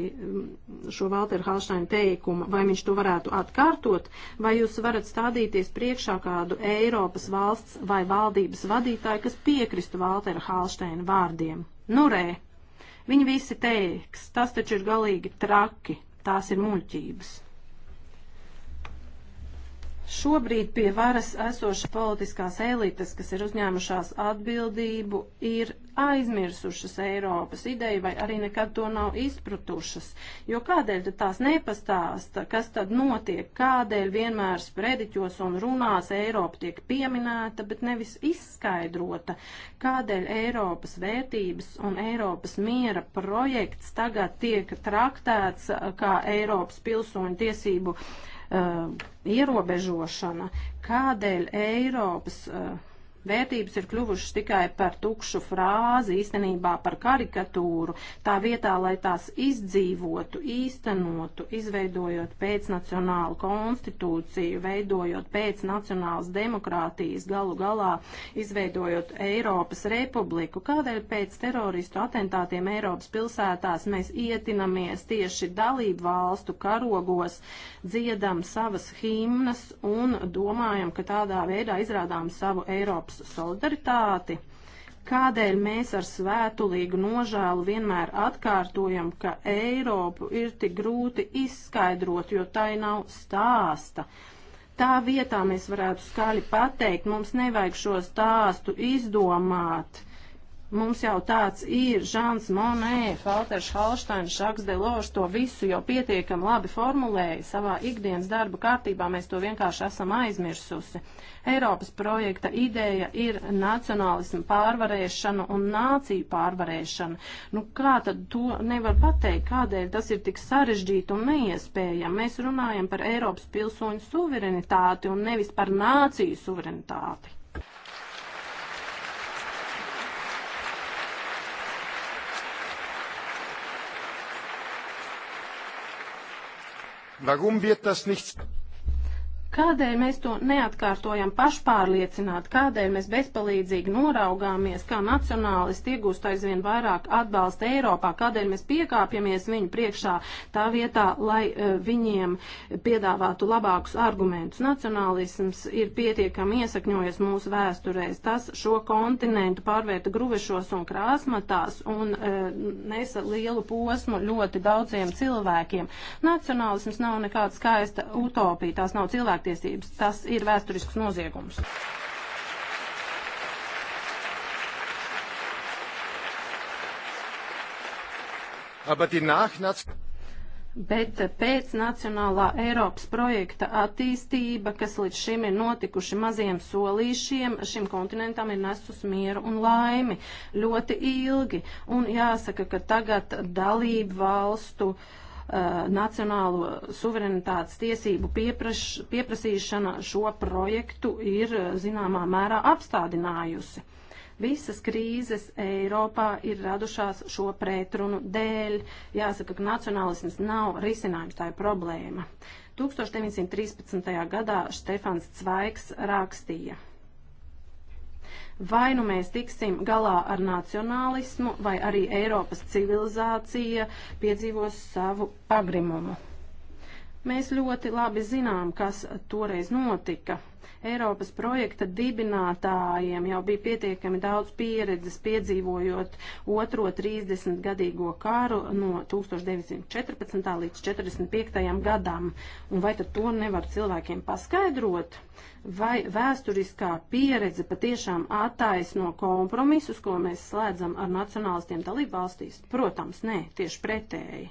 šo Valteru Halšainu teikumu, vai viņš to varētu atkārtot, vai jūs varat stādīties priekšā kādu Eiropas valsts vai valdības vadītāju, kas piekristu Valteru Halšainu vārdiem. Nu, rē, viņi visi teiks, tas taču ir galīgi traki, tās ir muļķības. Šobrīd pie varas esošas politiskās elites, kas ir uzņēmušās atbildību, ir aizmirsušas Eiropas ideju vai arī nekad to nav izpratušas. Jo kādēļ tad tās nepastāsta, kas tad notiek, kādēļ vienmēr sprediķos un runās Eiropa tiek pieminēta, bet nevis izskaidrota, kādēļ Eiropas vērtības un Eiropas miera projekts tagad tiek traktēts uh, kā Eiropas pilsoņu tiesību uh, uh, ierobežošana, kādēļ Eiropas uh, Vērtības ir kļuvušas tikai par tukšu frāzi, īstenībā par karikatūru, tā vietā, lai tās izdzīvotu, īstenotu, izveidojot pēcnacionālu konstitūciju, veidojot pēcnacionālas demokrātijas, galu galā izveidojot Eiropas republiku. Kādēļ pēc teroristu atentātiem Eiropas pilsētās mēs ietinamies tieši dalību valstu karogos, dziedam savas himnas un domājam, ka tādā veidā izrādām savu Eiropu? Eiropas solidaritāti? Kādēļ mēs ar svētulīgu nožēlu vienmēr atkārtojam, ka Eiropu ir tik grūti izskaidrot, jo tai nav stāsta? Tā vietā mēs varētu skaļi pateikt, mums nevajag šo stāstu izdomāt Mums jau tāds ir Žāns Monē, Falters Halštains, Žaks Delors, to visu jau pietiekam labi formulēja savā ikdienas darba kārtībā, mēs to vienkārši esam aizmirsusi. Eiropas projekta ideja ir nacionālismu pārvarēšana un nāciju pārvarēšana. Nu kā tad to nevar pateikt, kādēļ tas ir tik sarežģīti un neiespējami? Mēs runājam par Eiropas pilsoņu suverenitāti un nevis par nāciju suverenitāti. Warum wird das nicht? Kādēļ mēs to neatkārtojam pašpārliecināt, kādēļ mēs bezpalīdzīgi noraugāmies, kā nacionālisti iegūst aizvien vairāk atbalsta Eiropā, kādēļ mēs piekāpjamies viņu priekšā tā vietā, lai uh, viņiem piedāvātu labākus argumentus. Nacionālisms ir pietiekami iesakņojies mūsu vēsturēs. Tas šo kontinentu pārvērta gruvešos un krāsmatās un uh, nesa lielu posmu ļoti daudziem cilvēkiem. Nacionālisms nav nekāda skaista utopija, tās nav cilvēki cilvēktiesības. Tas ir vēsturisks noziegums. Bet pēc nacionālā Eiropas projekta attīstība, kas līdz šim ir notikuši maziem solīšiem, šim kontinentam ir nesus mieru un laimi ļoti ilgi. Un jāsaka, ka tagad dalību valstu uh, Uh, nacionālo suverenitātes tiesību piepraš, pieprasīšana šo projektu ir uh, zināmā mērā apstādinājusi. Visas krīzes Eiropā ir radušās šo pretrunu dēļ. Jāsaka, ka nacionālisms nav risinājums, tā ir problēma. 1913. gadā Štefans Cvaigs rakstīja. Vai nu mēs tiksim galā ar nacionālismu, vai arī Eiropas civilizācija piedzīvos savu pagrimumu. Mēs ļoti labi zinām, kas toreiz notika. Eiropas projekta dibinātājiem jau bija pietiekami daudz pieredzes piedzīvojot otro 30-gadīgo karu no 1914. līdz 45. gadam. Un vai tad to nevar cilvēkiem paskaidrot? Vai vēsturiskā pieredze patiešām attaisno kompromisus, ko mēs slēdzam ar nacionālistiem dalību valstīs? Protams, nē, tieši pretēji.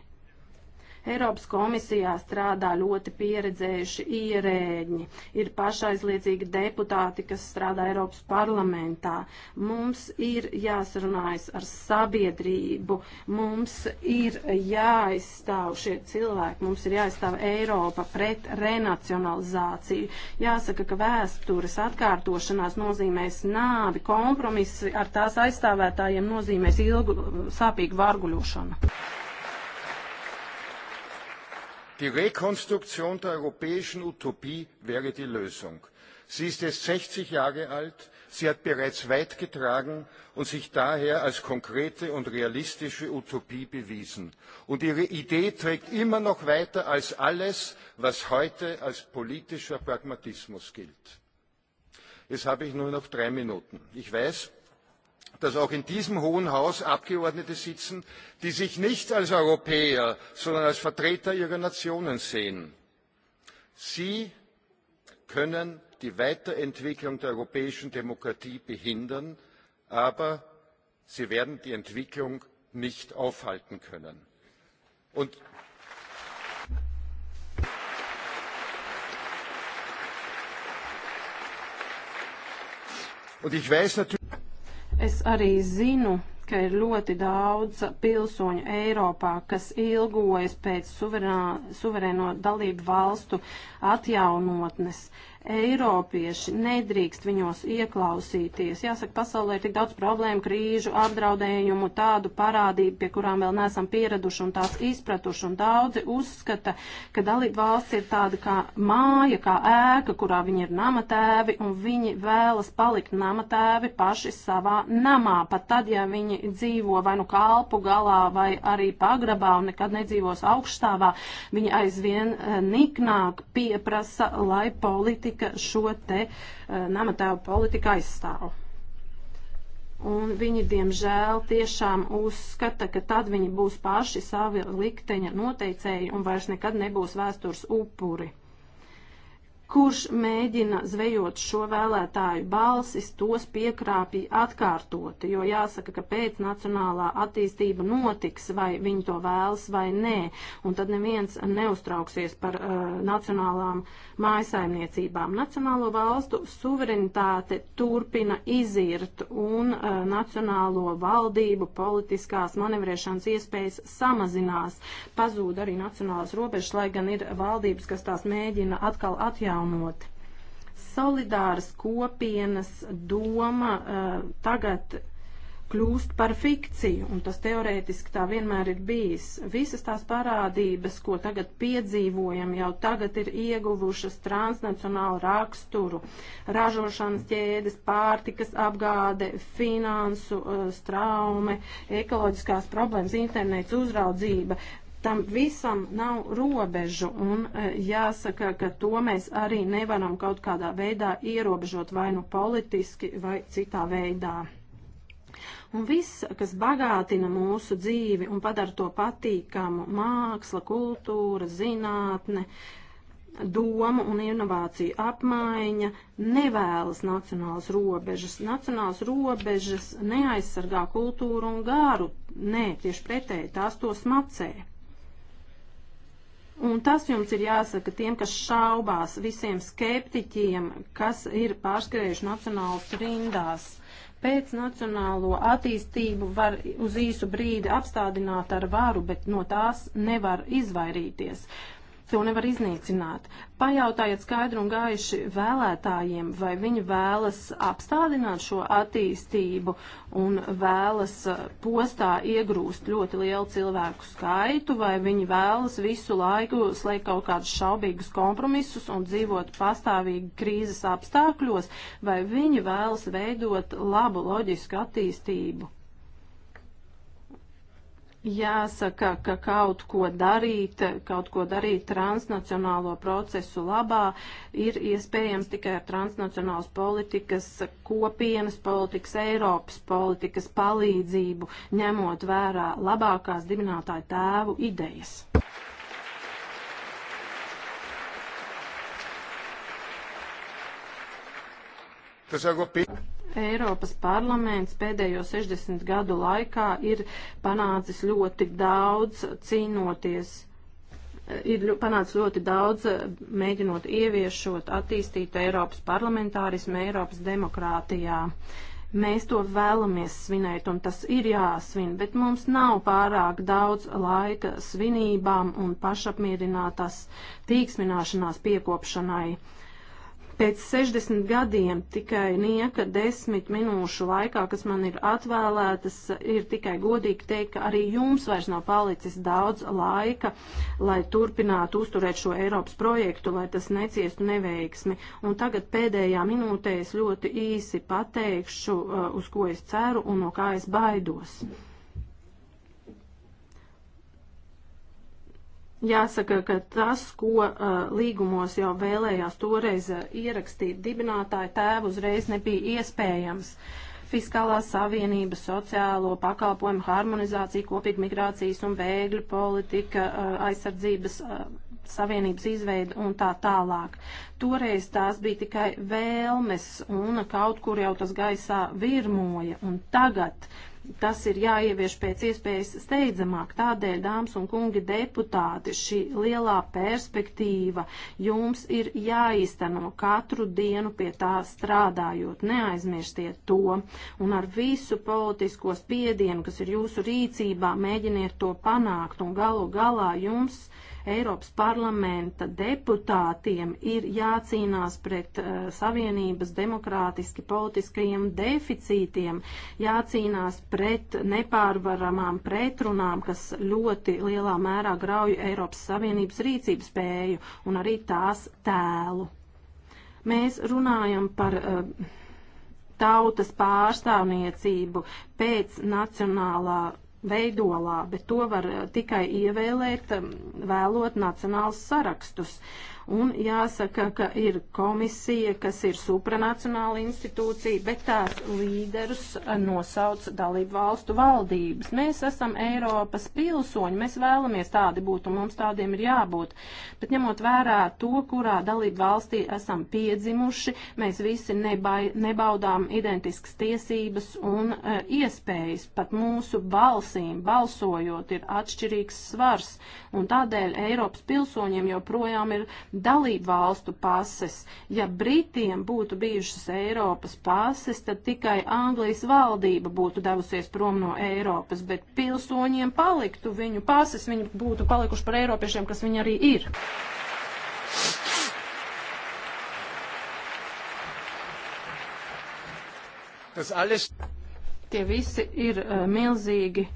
Eiropas komisijā strādā ļoti pieredzējuši ierēģi, ir pašaizliedzīgi deputāti, kas strādā Eiropas parlamentā. Mums ir jāsarunājas ar sabiedrību, mums ir jāizstāv šie cilvēki, mums ir jāizstāv Eiropa pret renacionalizāciju. Jāsaka, ka vēstures atkārtošanās nozīmēs nāvi, kompromisi ar tās aizstāvētājiem nozīmēs ilgu sāpīgu vārguļošanu. Die Rekonstruktion der europäischen Utopie wäre die Lösung. Sie ist jetzt 60 Jahre alt, sie hat bereits weit getragen und sich daher als konkrete und realistische Utopie bewiesen. Und ihre Idee trägt immer noch weiter als alles, was heute als politischer Pragmatismus gilt. Jetzt habe ich nur noch drei Minuten. Ich weiß, dass auch in diesem Hohen Haus Abgeordnete sitzen, die sich nicht als Europäer, sondern als Vertreter ihrer Nationen sehen. Sie können die Weiterentwicklung der europäischen Demokratie behindern, aber sie werden die Entwicklung nicht aufhalten können. Und Und ich weiß natürlich, Es arī zinu, ka ir ļoti daudz pilsoņu Eiropā, kas ilgojas pēc suverēno dalību valstu atjaunotnes. Eiropieši nedrīkst viņos ieklausīties. Jāsaka, pasaulē ir tik daudz problēmu, krīžu, apdraudējumu, tādu parādību, pie kurām vēl neesam pieraduši un tās izpratuši. Un daudzi uzskata, ka dalība valsts ir tāda kā māja, kā ēka, kurā viņi ir namatēvi un viņi vēlas palikt namatēvi paši savā namā. Pat tad, ja viņi dzīvo vai nu kalpu galā vai arī pagrabā un nekad nedzīvos augstāvā, viņi aizvien eh, niknāk pieprasa, lai politika politika šo te uh, namatēvu politiku aizstāv. Un viņi, diemžēl, tiešām uzskata, ka tad viņi būs paši savi likteņa noteicēji un vairs nekad nebūs vēstures upuri kurš mēģina zvejot šo vēlētāju balsis, tos piekrāpīja atkārtoti, jo jāsaka, ka pēc nacionālā attīstība notiks, vai viņi to vēlas vai nē, un tad neviens neuztrauksies par uh, nacionālām mājasaimniecībām. Nacionālo valstu suverenitāte turpina izirt, un uh, nacionālo valdību politiskās manevrēšanas iespējas samazinās. Pazūd arī nacionālas robežas, lai gan ir valdības, kas tās mēģina atkal atjaunot atjaunot. Solidāras kopienas doma uh, tagad kļūst par fikciju, un tas teorētiski tā vienmēr ir bijis. Visas tās parādības, ko tagad piedzīvojam, jau tagad ir ieguvušas transnacionālu raksturu - ražošanas ķēdes, pārtikas apgāde, finansu eh, straume, ekoloģiskās problēmas, internets uzraudzība tam visam nav robežu, un e, jāsaka, ka to mēs arī nevaram kaut kādā veidā ierobežot vai nu politiski, vai citā veidā. Un viss, kas bagātina mūsu dzīvi un padara to patīkamu - māksla, kultūra, zinātne, doma un inovācija apmaiņa, nevēlas nacionālas robežas. Nacionālas robežas neaizsargā kultūru un gāru. Nē, tieši pretēji tās to smacē. Un tas jums ir jāsaka tiem, kas šaubās, visiem skeptiķiem, kas ir pārskrējuši nacionālas rindās. Pēc nacionālo attīstību var uz īsu brīdi apstādināt ar varu, bet no tās nevar izvairīties. To nevar iznīcināt. Pajautājiet skaidru un gaiši vēlētājiem, vai viņi vēlas apstādināt šo attīstību un vēlas eh, postā iegrūst ļoti lielu cilvēku skaitu, vai viņi vēlas visu laiku slēgt kaut kādus šaubīgus kompromisus un dzīvot pastāvīgi krīzes apstākļos, vai viņi vēlas veidot labu loģisku attīstību. Jāsaka, ka kaut ko darīt, kaut ko darīt transnacionālo procesu labā ir iespējams tikai ar transnacionālas politikas kopienas, politikas Eiropas politikas palīdzību, ņemot vērā labākās dibinātāju tēvu idejas. Tas jau bija. Eiropas parlaments pēdējo 60 gadu laikā ir panācis ļoti daudz cīnoties, ir panācis ļoti daudz mēģinot ieviešot, attīstīt Eiropas parlamentārismu Eiropas demokrātijā. Mēs to vēlamies svinēt, un tas ir jāsvin, bet mums nav pārāk daudz laika svinībām un pašapmierinātās tīksmināšanās piekopšanai. Pēc 60 gadiem tikai nieka desmit minūšu laikā, kas man ir atvēlētas, ir tikai godīgi teikt, ka arī jums vairs nav palicis daudz laika, lai turpinātu uzturēt šo Eiropas projektu, lai tas neciestu neveiksmi. Un tagad pēdējā minūtē es ļoti īsi pateikšu, uh, uz ko es ceru un no kā es baidos. Thank you. Jāsaka, ka tas, ko uh, līgumos jau vēlējās toreiz uh, ierakstīt dibinātāju tēvu, uzreiz nebija iespējams. Fiskālās savienības, sociālo pakalpojumu harmonizācija, kopīga migrācijas un bēgļu politika, uh, aizsardzības uh, savienības izveida un tā tālāk. Toreiz tās bija tikai vēlmes un kaut kur jau tas gaisā virmoja. Un tagad uh, tas ir jāievieš pēc iespējas steidzamāk. Tādēļ, dāmas un kungi deputāti, šī lielā perspektīva jums ir jāizteno katru dienu pie tā strādājot. Neaizmirstiet to. Un ar visu politisko spiedienu, kas ir jūsu rīcībā, mēģiniet to panākt. Un galu galā jums Eiropas parlamenta deputātiem ir jācīnās pret uh, Savienības demokrātiski politiskajiem deficītiem, jācīnās pret nepārvaramām pretrunām, kas ļoti lielā mērā grauj Eiropas Savienības rīcības spēju un arī tās tēlu. Mēs runājam par. Uh, tautas pārstāvniecību pēc nacionālā veidolā, bet to var eh, tikai ievēlēt, mm, vēlot nacionālus sarakstus. Uh, Un jāsaka, ka ir komisija, kas ir supranacionāla institūcija, bet tās līderus nosauc dalību valstu valdības. Mēs esam Eiropas pilsoņi, mēs vēlamies tādi būt un mums tādiem ir jābūt. Bet ņemot vērā to, kurā dalību valstī esam piedzimuši, mēs visi nebai, nebaudām identiskas tiesības un uh, iespējas. Pat mūsu balsīm balsojot ir atšķirīgs svars. Un tādēļ Eiropas pilsoņiem joprojām ir dalību valstu pases. Ja Britiem būtu bijušas Eiropas pases, tad tikai Anglijas valdība būtu devusies prom no Eiropas, bet pilsoņiem paliktu viņu pases, viņi būtu palikuši par Eiropiešiem, kas viņi arī ir. Tas alles. Tie visi ir uh, milzīgi uh,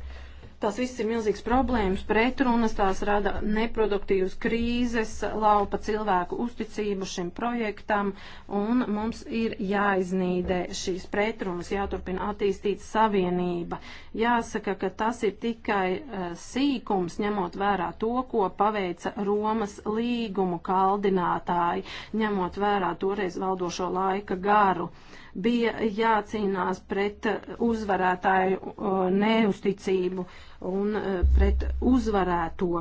Tās viss ir milzīgs problēmas, pretrunas, tās rada neproduktīvas krīzes, laupa cilvēku uzticību šim projektam, un mums ir jāiznīdē šīs pretrunas, jāturpina attīstīt savienība. Jāsaka, ka tas ir tikai uh, sīkums, ņemot vērā to, ko paveica Romas līgumu kaldinātāji, ņemot vērā toreiz valdošo laika garu. Uh, bija jācīnās pret uzvarētāju uh, neusticību un uh, pret uzvarēto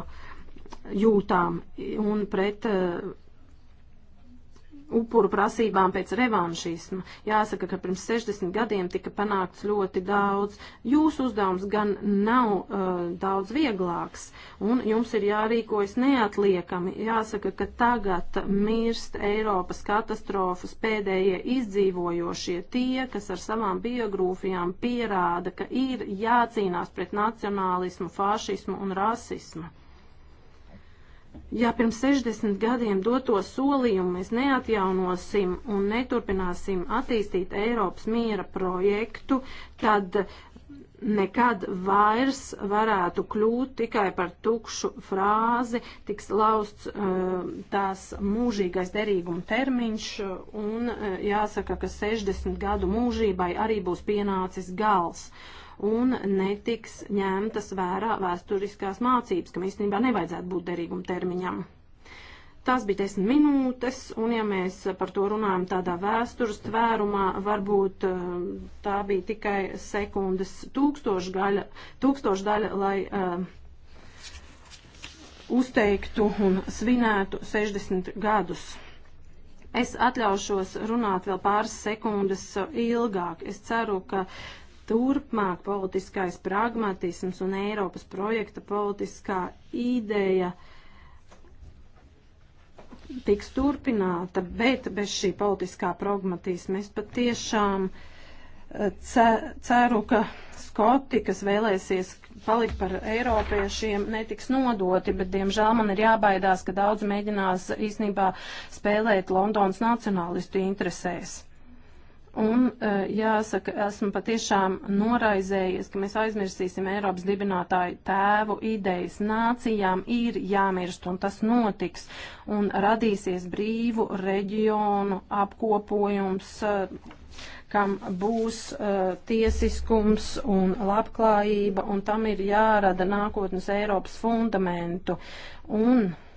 jūtām un pret uh, upuru prasībām pēc revanšisma. Jāsaka, ka pirms 60 gadiem tika panākts ļoti daudz. Jūsu uzdevums gan nav uh, daudz vieglāks, un jums ir jārīkojas neatliekami. Jāsaka, ka tagad mirst Eiropas katastrofas pēdējie izdzīvojošie tie, kas ar savām biogrūfijām pierāda, ka ir jācīnās pret nacionālismu, fašismu un rasismu ja pirms 60 gadiem doto solījumu mēs neatjaunosim un neturpināsim attīstīt Eiropas miera projektu, tad nekad vairs varētu kļūt tikai par tukšu frāzi, tiks lausts eh, tās mūžīgais derīguma termiņš un eh, jāsaka, ka 60 gadu mūžībai arī būs pienācis gals un netiks ņemtas vērā vēsturiskās mācības, kam īstenībā nevajadzētu būt derīguma termiņam. Tās bija desmit minūtes, un ja mēs par to runājam tādā vēstures tvērumā, varbūt eh, tā bija tikai sekundes tūkstošdaļa, tūkstošdaļa lai uh, uzteiktu un svinētu 60 gadus. Es atļaušos runāt vēl pāris sekundes ilgāk. Es ceru, ka Turpmāk politiskais pragmatisms un Eiropas projekta politiskā ideja tiks turpināta, bet bez šī politiskā pragmatisma es patiešām eh, ceru, ka skoti, kas vēlēsies palikt par eiropiešiem, netiks nodoti, bet, diemžēl, man ir jābaidās, ka daudz mēģinās īsnībā spēlēt Londonas nacionālistu interesēs. Un eh, jāsaka, esmu patiešām noraizējies, ka mēs aizmirsīsim Eiropas dibinātāju tēvu idejas. Nācijām ir jāmirst, un tas notiks. Un radīsies brīvu reģionu apkopojums, eh, kam būs uh, tiesiskums un labklājība, un tam ir jārada nākotnes Eiropas fundamentu. Un, uh,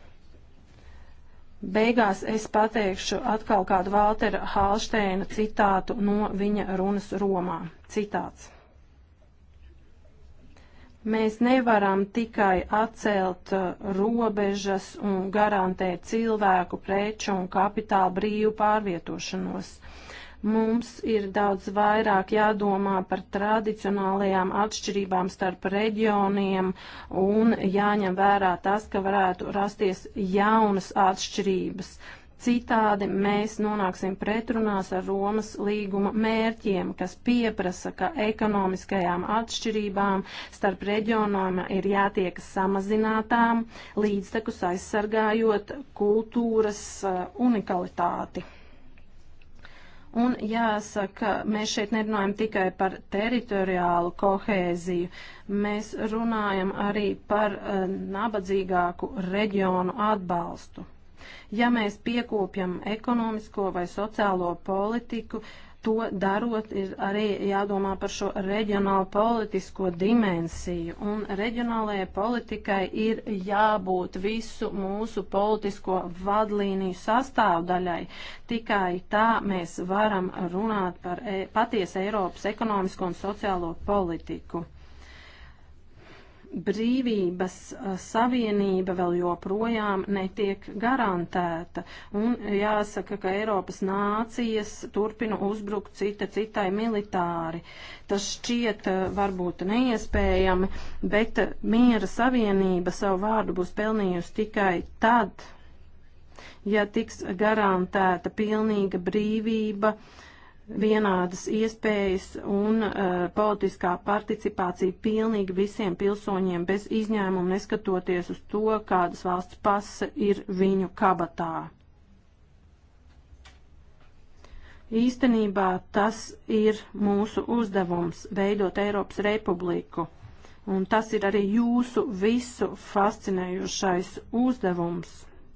Beigās es pateikšu atkal kādu Valtera Hālsteina citātu no viņa runas Romā. Citāts. Mēs nevaram tikai atcelt uh, robežas un garantēt cilvēku, preču un kapitāla brīvu pārvietošanos. Mums ir daudz vairāk jādomā par tradicionālajām atšķirībām starp reģioniem un jāņem vērā tas, ka varētu rasties jaunas atšķirības. Citādi mēs nonāksim pretrunās ar Romas līguma mērķiem, kas pieprasa, ka ekonomiskajām atšķirībām starp reģionām ir jātiekas samazinātām, līdztekus aizsargājot kultūras uh, unikalitāti. Un jāsaka, mēs šeit nerunājam tikai par teritoriālu kohēziju, mēs runājam arī par uh, nabadzīgāku reģionu atbalstu. Ja mēs piekopjam ekonomisko vai sociālo politiku, uh, to darot, ir arī jādomā par šo reģionālo politisko dimensiju. Un reģionālajai politikai ir jābūt visu mūsu politisko vadlīniju sastāvdaļai. Tikai tā mēs varam runāt par e patiesa Eiropas ekonomisko un sociālo politiku brīvības savienība vēl joprojām netiek garantēta. Un jāsaka, ka Eiropas nācijas turpina uzbrukt cita citai militāri. Tas šķiet varbūt neiespējami, bet miera savienība savu vārdu būs pelnījusi tikai tad, ja tiks garantēta pilnīga brīvība. Uh, vienādas iespējas un uh, politiskā participācija pilnīgi visiem pilsoņiem bez izņēmuma, neskatoties uz to, kādas valsts pasa ir viņu kabatā. Īstenībā tas ir mūsu uzdevums - veidot Eiropas republiku. Un tas ir arī jūsu visu fascinējošais uzdevums,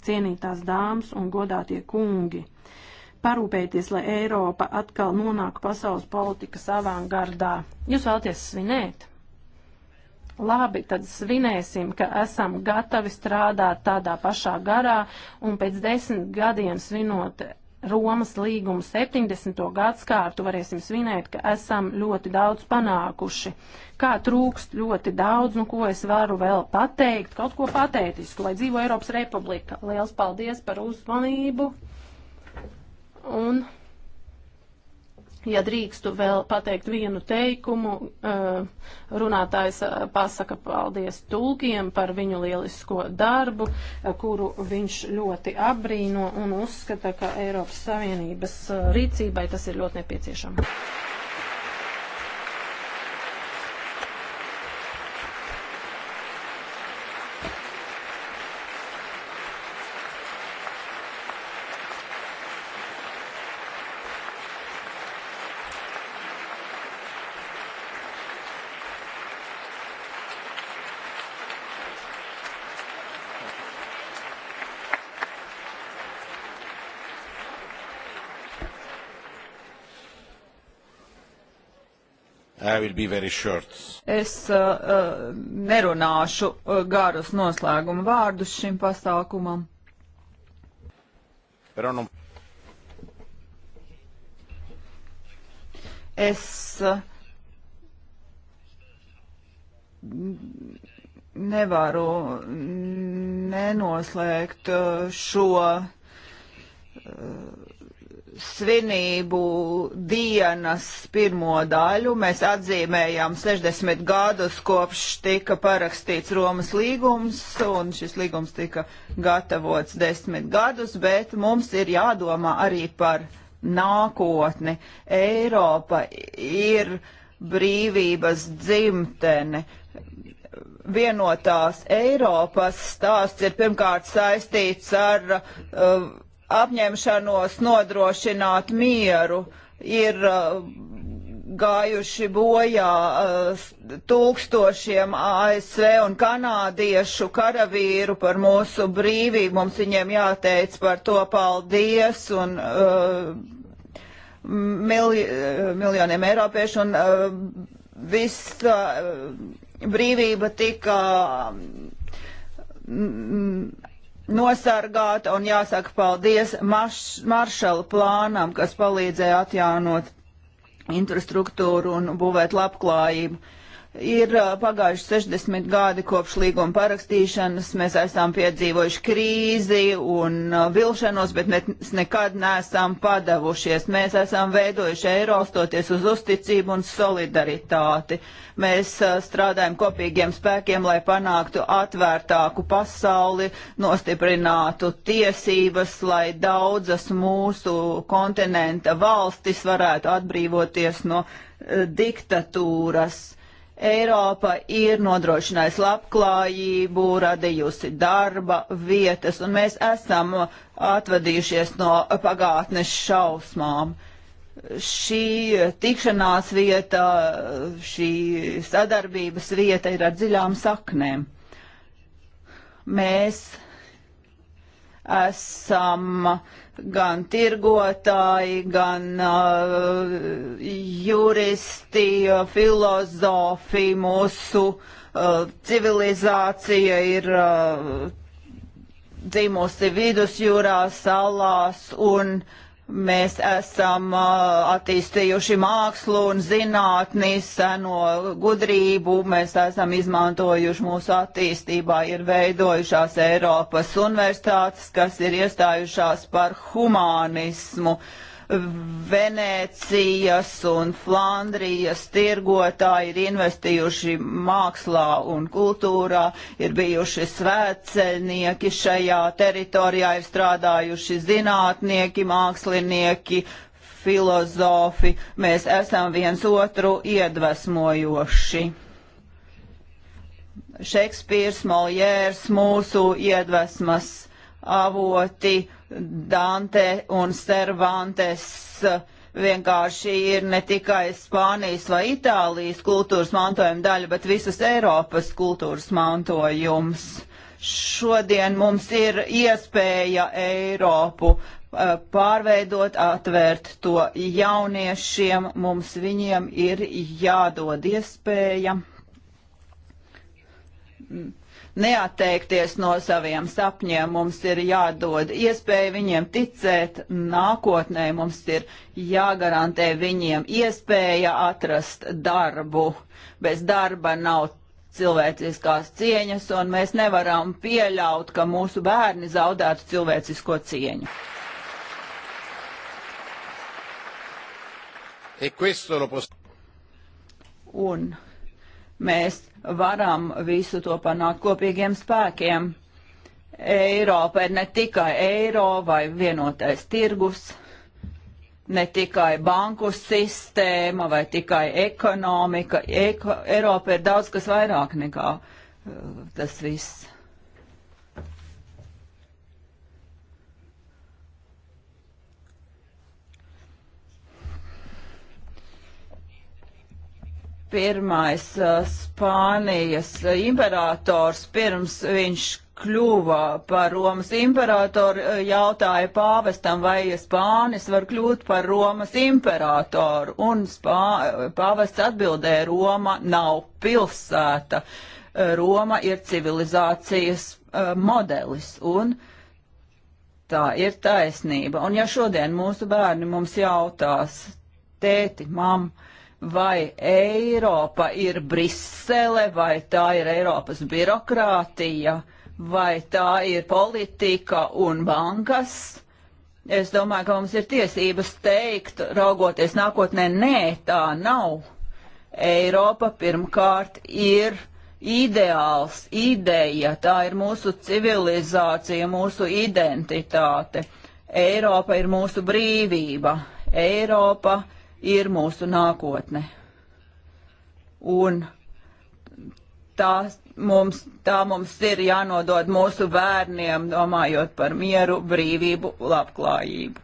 cienītās dāmas un godātie kungi. Uh, parūpēties, lai Eiropa atkal nonāk pasaules politikas avangardā. Jūs vēlaties svinēt? Labi, tad svinēsim, ka esam gatavi strādāt tādā pašā garā un pēc desmit gadiem svinot Romas līgumu 70. gadskārtu varēsim svinēt, ka esam ļoti daudz panākuši. Kā trūkst ļoti daudz, nu ko es varu vēl pateikt, kaut ko patētisku, lai dzīvo Eiropas Republika. Liels paldies par uzmanību! Un, ja drīkstu vēl pateikt vienu teikumu, eh, runātājs eh, pasaka paldies tulkiem par viņu lielisko darbu, eh, kuru viņš ļoti apbrīno un uzskata, ka Eiropas Savienības rīcībai tas ir ļoti nepieciešams. Es uh, uh nerunāšu uh, garus noslēguma vārdus šim pasākumam. Runu. Es uh, nevaru nenoslēgt uh, šo. Uh, svinību dienas pirmo daļu. Mēs atzīmējām 60 gadus kopš tika parakstīts Romas līgums, un šis līgums tika gatavots desmit gadus, bet mums ir jādomā arī par nākotni. Eiropa ir brīvības dzimtene vienotās Eiropas stāsts ir pirmkārt saistīts ar uh, apņemšanos nodrošināt mieru ir uh, gājuši bojā uh, tūkstošiem ASV un kanādiešu karavīru par mūsu brīvību. Mums viņiem jāteic par to paldies un uh, milj uh, miljoniem eiropiešu un uh, viss uh, brīvība tika mm, nosargāta un jāsaka paldies marš, maršala plānam, kas palīdzēja atjaunot infrastruktūru un būvēt labklājību. Uh, Ir uh, pagājuši 60 gadi kopš līguma parakstīšanas, mēs esam piedzīvojuši krīzi un uh, vilšanos, bet mēs nekad neesam padavušies. Mēs esam veidojuši eiro stoties uz uzticību un solidaritāti. Mēs uh, strādājam kopīgiem spēkiem, lai panāktu atvērtāku pasauli, nostiprinātu tiesības, lai daudzas mūsu kontinenta valstis varētu atbrīvoties no diktatūras Eiropa ir nodrošinājusi labklājību, radījusi darba vietas, un mēs esam atvadījušies no pagātnes šausmām. Šī tikšanās vieta, šī sadarbības vieta ir ar dziļām saknēm. Mēs esam uh, gan tirgotāji, gan uh, juristi, uh, filozofi, mūsu uh, civilizācija ir uh, dzīvosi vidusjūrā, salās un uh, Mēs esam uh, attīstījuši mākslu un zinātni, seno gudrību, mēs esam izmantojuši mūsu attīstībā, ir veidojušās Eiropas universitātes, kas ir iestājušās par humānismu. Uh, Venēcijas un Flandrijas tirgotāji ir investījuši mākslā un kultūrā, ir bijuši svētceļnieki šajā teritorijā, ir strādājuši zinātnieki, mākslinieki, filozofi. Mēs esam viens otru iedvesmojoši. Šekspīrs, Moljērs, mūsu iedvesmas avoti Dante un Cervantes vienkārši ir ne tikai Spānijas vai Itālijas kultūras mantojuma daļa, bet visas Eiropas kultūras mantojums. Šodien mums ir iespēja Eiropu eh, pārveidot, atvērt to jauniešiem, mums viņiem ir jādod iespēja neatteikties no saviem sapņiem, mums ir jādod iespēja viņiem ticēt nākotnē, mums ir jāgarantē viņiem iespēja atrast darbu. Bez darba nav cilvēciskās cieņas, un mēs nevaram pieļaut, ka mūsu bērni zaudētu cilvēcisko cieņu. E un Mēs varam visu to panākt kopīgiem spēkiem. Eiropa ir ne tikai eiro vai vienotais tirgus, ne tikai banku sistēma vai tikai ekonomika. Eko, Eiropa ir daudz kas vairāk nekā uh, tas viss. pirmais Spānijas imperators pirms viņš kļuva par Romas imperatoru, jautāja pāvestam, vai Spānis var kļūt par Romas imperatoru. Un spā, pāvests atbildēja, Roma nav pilsēta. Roma ir civilizācijas uh, modelis. Un tā ir taisnība. Un ja šodien mūsu bērni mums jautās, tēti, mamma, vai Eiropa ir Brisele, vai tā ir Eiropas birokrātija, vai tā ir politika un bankas. Es domāju, ka mums ir tiesības teikt, raugoties nākotnē, nē, tā nav. Eiropa pirmkārt ir ideāls, ideja, tā ir mūsu civilizācija, mūsu identitāte. Eiropa ir mūsu brīvība. Eiropa ir mūsu nākotne. Un tā mums, tā mums ir jānodod mūsu bērniem, domājot par mieru, brīvību, labklājību.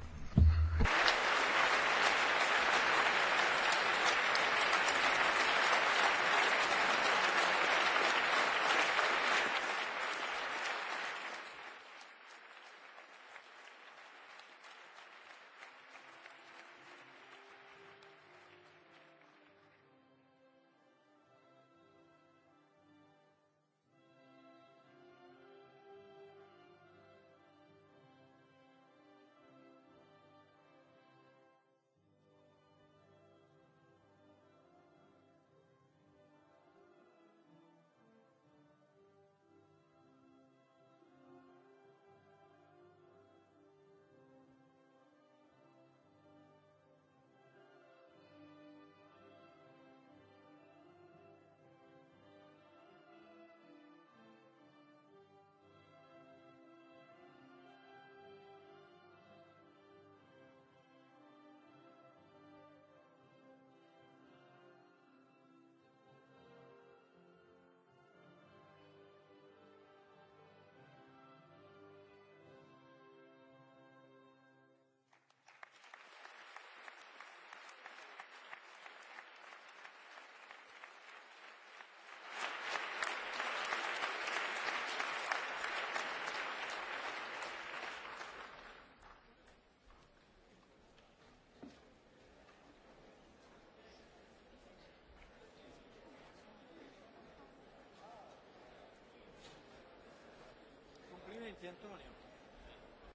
Di Antonio.